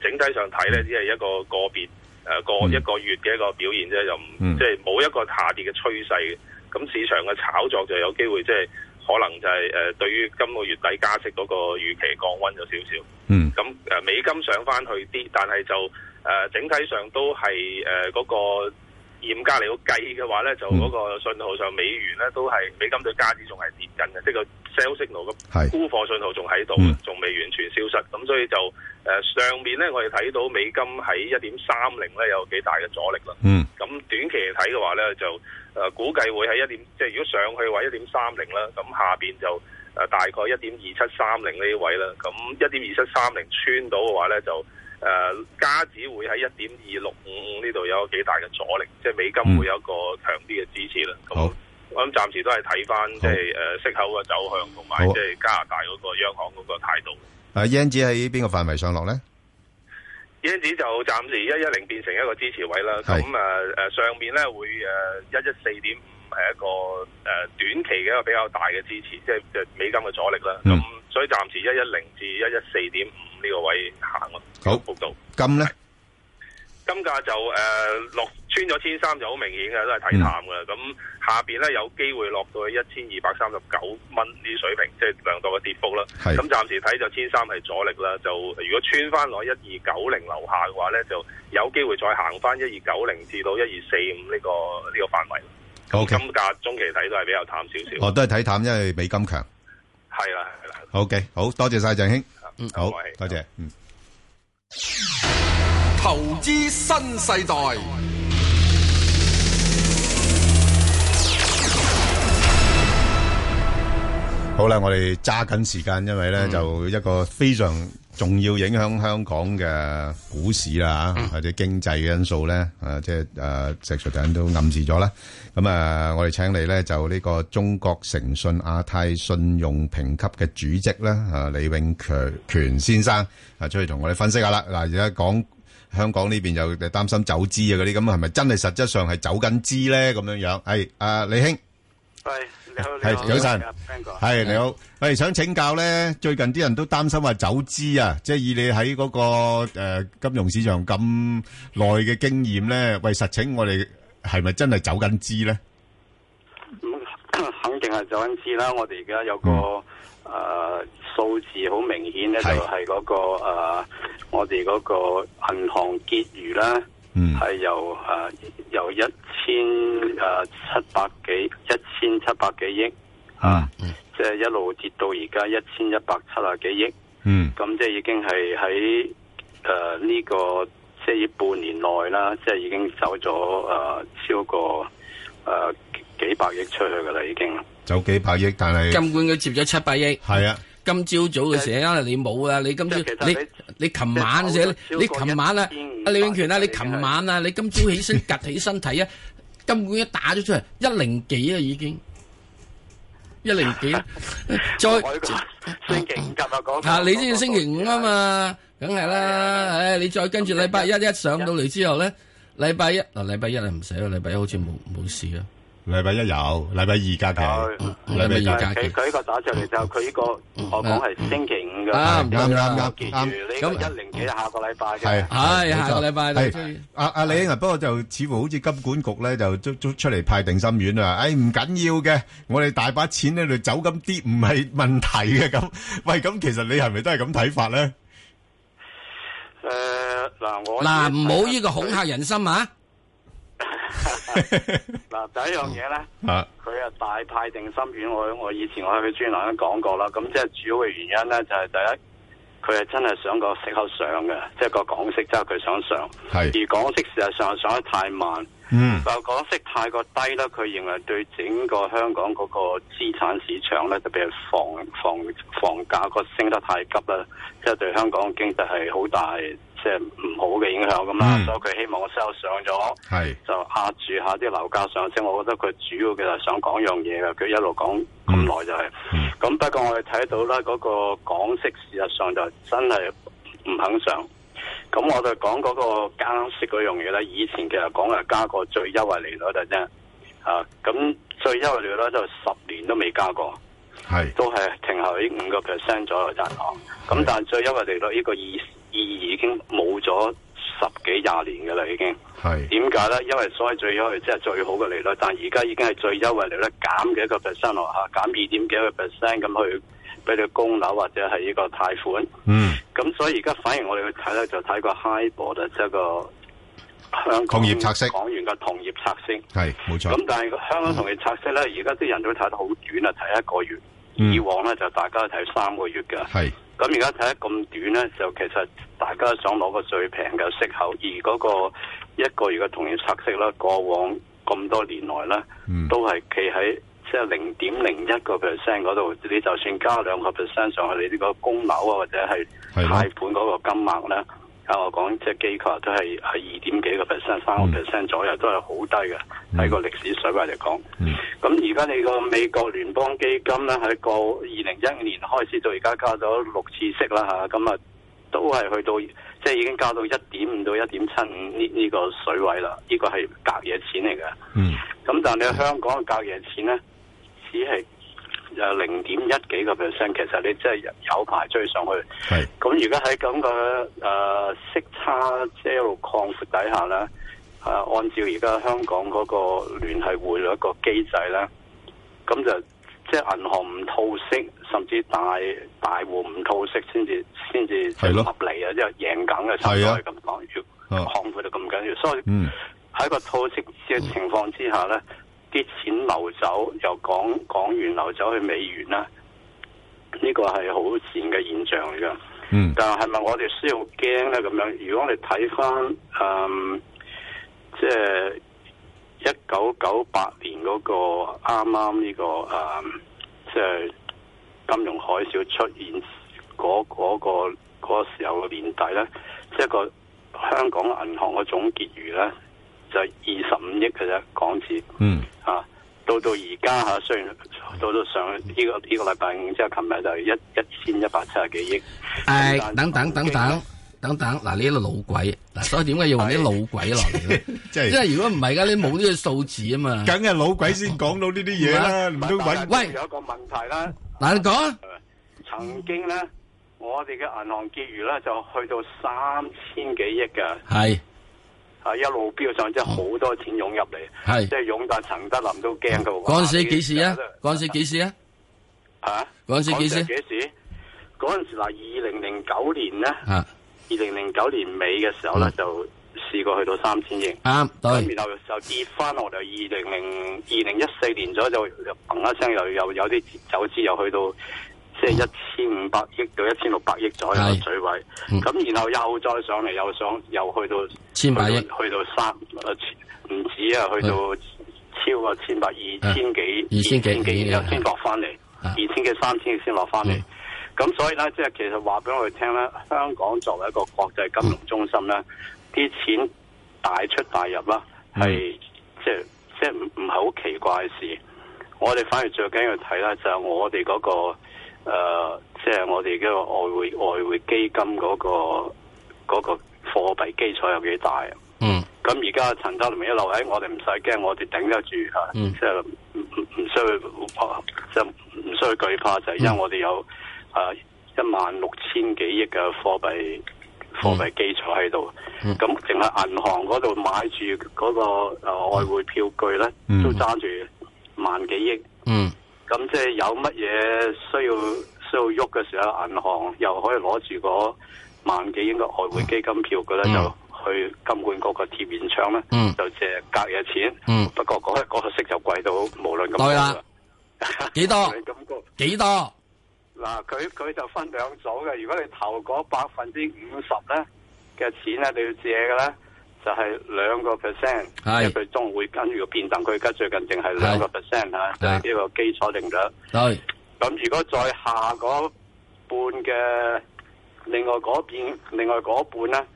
誒整體上睇咧，只係一個個別。誒過一個月嘅一個表現啫，又唔即係冇一個下跌嘅趨勢，咁市場嘅炒作就有機會即係可能就係誒對於今個月底加息嗰個預期降溫咗少少。嗯，咁誒美金上返去啲，但係就誒、呃、整體上都係誒嗰個。嚴格嚟講計嘅話咧，就嗰個信號上美元咧，都係美金對加元仲係跌緊嘅，即個 sales signal 嘅沽貨信號仲喺度，仲是未完全消失。咁、嗯、所以就誒、呃、上面咧，我哋睇到美金喺一點三零咧有幾大嘅阻力啦。咁、嗯、短期嚟睇嘅話咧就誒、呃，估計會喺一點，即係如果上去嘅話一點三零啦，咁下邊就誒大概一點二七三零呢位啦。咁一點二七三零穿到嘅話咧就。誒、啊，加指會喺一點二六五五呢度有幾大嘅阻力，即係美金會有一個強啲嘅支持啦。嗯、那好，我諗暫時都係睇翻即係誒、呃、息口嘅走向，同埋好即係加拿大嗰個央行嗰個態度。誒英指喺邊個範圍上落咧？英指就暫時一一零變成一個支持位啦。咁啊誒，上面咧會誒一一四點五係一個誒、呃、短期嘅一個比較大嘅支持，即係即係美金嘅阻力啦。咁、嗯、所以暫時一一零至一一四點五。呢個位行啊，好報道。金咧，金價就誒落、呃、穿咗千三就好明顯嘅，都係睇淡嘅。咁、嗯、下邊咧有機會落到去一千二百三十九蚊呢水平，即、就、係、是、量度嘅跌幅啦。咁暫時睇就千三係阻力啦。就如果穿翻落一二九零樓下嘅話咧，就有機會再行翻一二九零至到一二四五呢個呢、這個範圍。Okay. 金價中期睇都係比較淡少少。哦，都係睇淡，因為美金強。係啦，係啦。O、okay, K，好多謝晒鄭兄。好，多謝，謝。嗯，投資新世代， 好啦，嗯，我哋揸緊時間，因為咧就一個非常。重要影響香港嘅股市啦，或者經濟嘅因素咧，啊，即係啊石卓等都暗示咗啦。咁啊，我哋請你咧就呢個中國誠信亞太信用評級嘅主席咧啊李永權先生啊，出去同我哋分析下啦。嗱，而家講香港呢邊又擔心走資啊嗰啲，咁係咪真係實質上係走緊資咧？咁樣樣，誒啊李兄，喂？你好，係早晨，係你好。喂，想請教咧，最近啲人都擔心話走資啊，即係以你喺嗰個誒金融市場咁耐嘅經驗咧，喂，實情我哋係咪真係走緊資咧？咁肯定係走緊資啦！我哋而家有個誒數字好明顯咧，就係嗰個誒我哋嗰個銀行結餘啦。嗯，係由誒、呃、由一千誒七百幾一千七百幾億啊，即係一路跌到而家一千一百七十幾億，嗯，咁即係已經係喺誒呢個即係半年內啦，即、就、係、是、已經走咗誒、呃、超過誒、呃、幾，幾百億出去噶啦，已經走幾百億，但係金管局接咗七百億，係啊。今朝早嘅寫啊，你冇啦，你今朝你你琴晚寫，你琴晚啊，阿李永權啊，你琴晚啊，你今朝起身趌起身睇啊，根本一打咗出嚟，一零幾啊，已經一零幾，再星期五今日講吓，你先星期五啊嘛，梗係啦，唉，你再跟住禮拜一一上到嚟之後咧，禮拜一啊，禮拜一啊唔使咯，禮拜一好似冇冇事啊。禮拜一有，禮拜二加息，禮拜二加息。佢佢呢個打出嚟，就佢呢個我講係星期五嘅，啱唔啱？跟住呢一零幾下個禮拜嘅，係係下個禮拜。阿阿李英啊，不過就似乎好似金管局咧，就都都出嚟派定心丸啦。哎，唔緊要嘅，我哋大把錢喺度走，咁跌唔係問題嘅。咁，喂，咁其實你係咪都係咁睇法咧？誒，嗱我嗱唔好呢個恐嚇人心啊！嗱 第一樣嘢咧，佢啊大派定心丸。我我以前我喺佢專欄都講過啦。咁即係主要嘅原因咧，就係第一，佢係真係想個息口上嘅，即係個港息，即係佢想上。係是而港息事實上上,上得太慢，嗯，但係港息太過低啦。佢認為對整個香港嗰個資產市場咧，特別房房房價個升得太急啦，即係對香港經濟係好大。即係唔好嘅影響咁啦，所以佢希望 sell 上咗，就壓住下啲樓價上升。我覺得佢主要嘅係想講樣嘢嘅，佢一路講咁耐就係、是。咁、嗯嗯、不過我哋睇到啦，嗰、那個港息事實上就真係唔肯上。咁我哋講嗰個加息嗰樣嘢咧，以前其實講係加過最優惠利率嘅啫。啊，咁最優惠利率呢就十年都未加過，係是都係停留喺五個 percent 左右震盪。咁是但係最優惠利率呢個意思？已已經冇咗十幾廿年嘅啦，已經係，點解咧？因為所謂最優即係最好嘅利率，但而家已經係最優惠利率減嘅一個 percent 落吓，減二點幾個 percent 咁去俾你供樓或者係呢個貸款。嗯，咁所以而家反而我哋去睇咧，就睇個 high board 即係個香港香港同業拆息。港元嘅同業拆息係冇錯。咁但係香港同業拆息咧，而家啲人都睇得好遠啊，睇一個月。嗯、以往咧就大家睇三個月嘅係。咁而家睇得咁短咧，就其實大家想攞個最平嘅息口，而嗰個一個月嘅同業拆息咧，過往咁多年來咧，都係企喺即係零點零一個 percent 嗰度。你就算加兩個 percent 上去，你呢個供樓啊或者係貸款嗰個金額咧。啊、我講即係機構都係係二點幾個 percent、三個 percent 左右都，都係好低嘅，喺個歷史水位嚟講。咁而家你個美國聯邦基金咧，喺個二零一五年開始到而家加咗六次息啦嚇，咁啊、嗯、都係去到即係已經加到一點五到一點七五呢呢個水位啦，呢、這個係隔夜錢嚟嘅。咁、嗯、但係你香港嘅隔夜錢咧，只係。誒零點一幾個 percent，其實你真係有排追上去。係咁是，而家喺咁個誒息差即係一路擴闊底下咧，誒、呃、按照而家香港嗰個聯繫匯率個機制咧，咁就即係銀行唔套息，甚至大大戶唔套息，先至先至合合理啊！因為的贏緊嘅差開咁緊要，擴闊到咁緊要，所以喺個套息嘅情況之下咧。的啲錢流走，由港港元流走去美元啦，呢個係好自然嘅現象嚟噶。嗯，但係咪我哋需要驚咧？咁樣，如果我哋睇翻誒，即係一九九八年嗰個啱啱呢個誒，即、嗯、係、就是、金融海嘯出現嗰嗰個,個,個時候嘅年代咧，即、就、係、是、個香港銀行嘅總結餘咧。 就二十五億嘅啫港紙，嗯，吓到到而家吓，雖然到到上呢、呢個呢、呢個禮拜五之後，琴日就 1, 唉一一千一百七十幾億，誒，等等等等等等，嗱呢啲老鬼，嗱所以點解要話啲老鬼落嚟咧？即係的，因為如果唔係嘅，你冇呢個數字啊嘛，梗係 老鬼先講到呢啲嘢啦，唔都喂，啊、有一個問題啦，嗱你講，說曾經咧，我哋嘅銀行結餘咧就去到三千幾億嘅，係。啊！一路飆上，即係好多錢湧入嚟，係、哦、即係湧到陳德林都驚噶。嗰陣時幾時啊？嗰陣時幾時啊？嗰陣時幾時？啊？嗰陣時幾時？嗰陣時嗱，二零零九年咧，二零零九年尾嘅時候咧，了就試過去到三千億。啱，對。然後就跌翻，我哋二零零二零一四年左右就嘭一聲又又有啲走資又去到。即係一千五百億到一千六百億左右嘅水位，咁然後又再上嚟，又上又去到千百億，去到三唔止啊，去到超過千百二千幾、二千幾，然後先落翻嚟，二千幾、三千幾先落翻嚟。咁所以呢，即係其實話俾我哋聽呢，香港作為一個國際金融中心呢，啲錢大出大入啦，係即係即係唔唔係好奇怪嘅事。我哋反而最緊要睇呢，就係我哋嗰個。誒，uh, 即係我哋嘅外匯外匯基金嗰個嗰個貨幣基礎有幾大啊？嗯，咁而家陳德霖一路喺，我哋唔使驚，我哋頂得住吓，即係唔唔需要怕，即係唔需要懼怕，就係因為我哋有誒一萬六千幾億嘅貨幣貨幣基礎喺度，咁淨係銀行嗰度買住嗰個誒外匯票據咧，都揸住萬幾億。嗯。咁即係有乜嘢需要需要喐嘅時候，銀行又可以攞住個萬幾應該外匯基金票嘅咧，嗯、就去金管局個貼現窗咧，嗯、就借隔夜錢。嗯、不過嗰個嗰息就貴到，無論幾多、 嗰個、幾多嗱，佢佢就分兩組嘅。如果你投嗰百分之五十咧嘅錢咧，你要借嘅咧。就係兩個 percent，即係佢中會跟住變動。佢而家最近淨係兩個 percent 嚇，係呢個基礎定咗。咁對如果再下嗰半嘅另外嗰邊，另外半咧，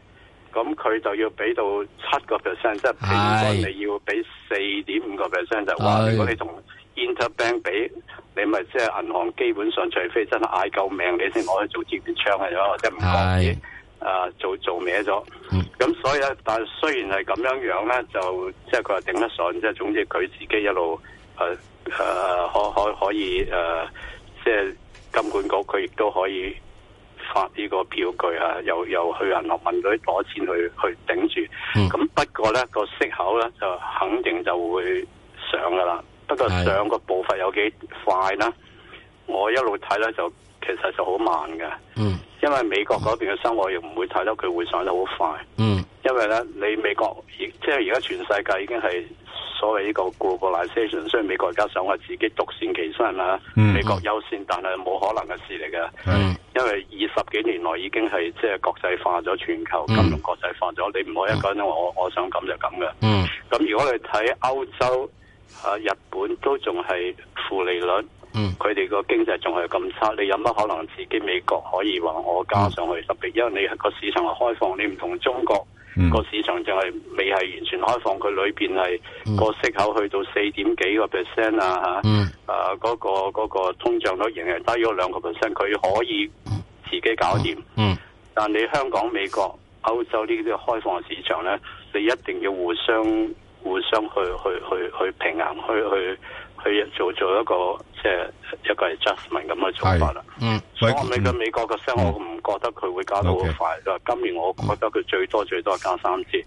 咁佢就要俾到七個 percent，即係平均你要俾四點五個 percent 就話，如果你同 interbank 比，你咪即係銀行基本上，除非真係嗌救命，你先攞去做貼現窗嘅咯，即係唔講啊，做做歪咗，咁、嗯嗯、所以咧，但雖然係咁樣樣咧，就即係佢係頂得上。即係總之佢自己一路，誒誒可可可以誒，即係金管局佢亦都可以發呢個票據啊，又又去銀行問佢攞錢去去頂住，咁、嗯嗯、不過咧、那個息口咧就肯定就會上噶啦，不過上個步伐有幾快啦，我一路睇咧就。其實就好慢嘅，嗯，因為美國嗰邊嘅生活又唔、嗯、會睇到佢會上得好快，嗯，因為咧你美國，即係而家全世界已經係所謂呢個 globalization，雖然美國而家想話自己獨善其身啦，嗯、美國優先，但係冇可能嘅事嚟嘅，嗯，因為二十幾年來已經係即係國際化咗，全球金融國際化咗，你唔可以一個人話我我想咁就咁嘅，嗯，咁、嗯、如果你睇歐洲啊、呃、日本都仲係負利率。嗯，佢哋個經濟仲係咁差，你有乜可能自己美國可以話我加上去？特別、嗯、因為你個市場係開放，你唔同中國個、嗯、市場就係未係完全開放，佢裏邊係個息口去到四點幾個 percent 啊吓，啊嗰個嗰個通脹率仍然低於兩個 percent，佢可以自己搞掂、嗯。嗯，嗯但你香港、美國、歐洲呢啲開放市場呢，你一定要互相互相去去去去平衡去去。去去去去佢亦做做一個即係一個 adjustment 咁嘅做法啦。嗯，所以美嘅美國嘅升，嗯、我唔覺得佢會加到好快。咁、嗯 okay, 今年我覺得佢最多最多加三次，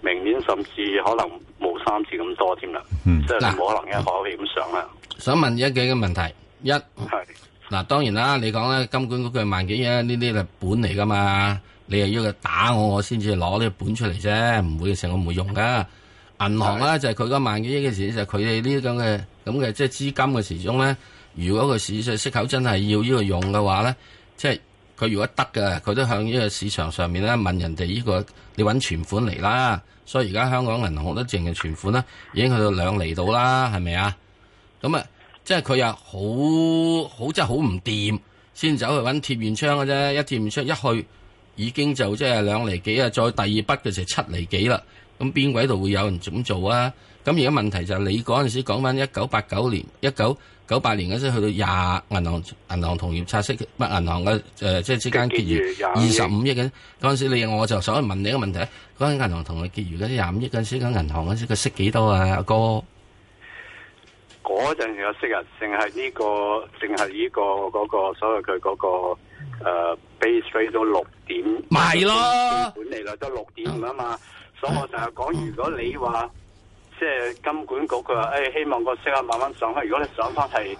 明年甚至可能冇三次咁多添啦。即係你冇可能一口氣咁上啦。想問一幾個問題一，嗱是當然啦，你講咧金管局嘅萬幾億呢啲係本嚟㗎嘛，你又要佢打我，我先至攞呢個本出嚟啫，唔會成時我唔會用㗎。銀行咧就係佢嘅萬幾億嘅錢，就係佢哋呢種嘅。咁嘅即係資金嘅時鐘咧，如果個市嘅息口真係要呢個用嘅話咧，即係佢如果得嘅，佢都向呢個市場上面咧問人哋呢、呢個你揾存款嚟啦。所以而家香港銀行都淨係存款啦，已經去到兩厘度啦，係咪啊？咁、嗯、啊，即係佢又好好真係好唔掂，先走去揾貼現窗嘅啫，一貼現窗一去已經就即係兩厘幾啊，再第二筆嘅就七厘幾啦。咁邊位度會有人咁做啊？咁而家問題就係你嗰陣時講緊一九八九年、一九九八年嗰陣去到廿銀行銀行同業拆息乜銀行嘅誒，即係之間結餘二十五億嘅嗰陣時，你我就想問你一個問題：嗰間銀行同你結餘嗰啲廿五億嘅時，間銀行嗰陣佢息幾多啊？阿哥，嗰陣時嘅息啊，淨係呢個，淨係呢個嗰個所謂佢嗰個誒 base rate 都六點，咪咯，本嚟都六點啊嘛，所以我成日講，如果你話，即係金管局佢話，誒、哎、希望個息啊慢慢上翻。如果你上翻係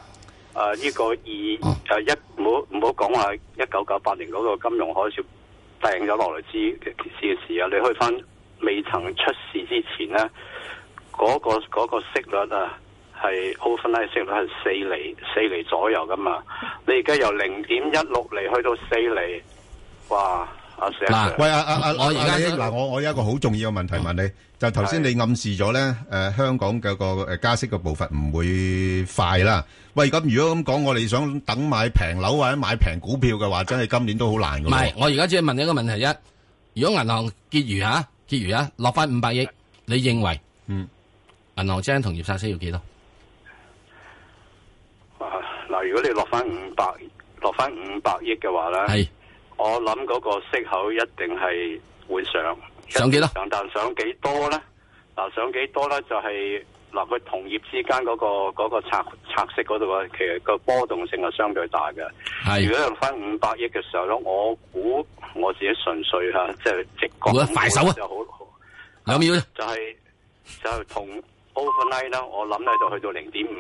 誒呢個二誒一，唔好唔好講話一九九八年嗰個金融海嘯掟咗落嚟之時嘅事啊，你去翻未曾出事之前咧，嗰、嗰個、嗰個息率啊係 o f f 息率係四厘四厘左右噶嘛。你而家由零點一六厘去到四厘，哇！嗱，喂，阿阿阿我而家，嗱，我我有一個好重要嘅問題問你，就頭先你暗示咗咧，誒，香港嘅個誒加息嘅步伐唔會快啦。喂，咁如果咁講，我哋想等買平樓或者買平股票嘅話，真係今年都好難噶。唔係，我而家只係問你一個問題一，如果銀行結餘吓，結餘啊，落翻五百億，你認為，嗯，銀行嘅同業拆息要幾多？啊，嗱，如果你落翻五百，落翻五百億嘅話咧，係。我諗嗰個息口一定係會上上幾多，上多，上多，但上幾多咧？嗱，上幾多咧就係嗱，佢同業之間、嗰個、嗰個拆拆息度啊，其實個波動性係相對大嘅。係的如果用翻，五百億嘅時候咧，我估我自己純粹吓、啊、即、就、係、是、直覺，覺得，快手講、啊、就好。兩、啊、秒咧就係、是、就係同 overnight 咧，我諗咧就去到零點五。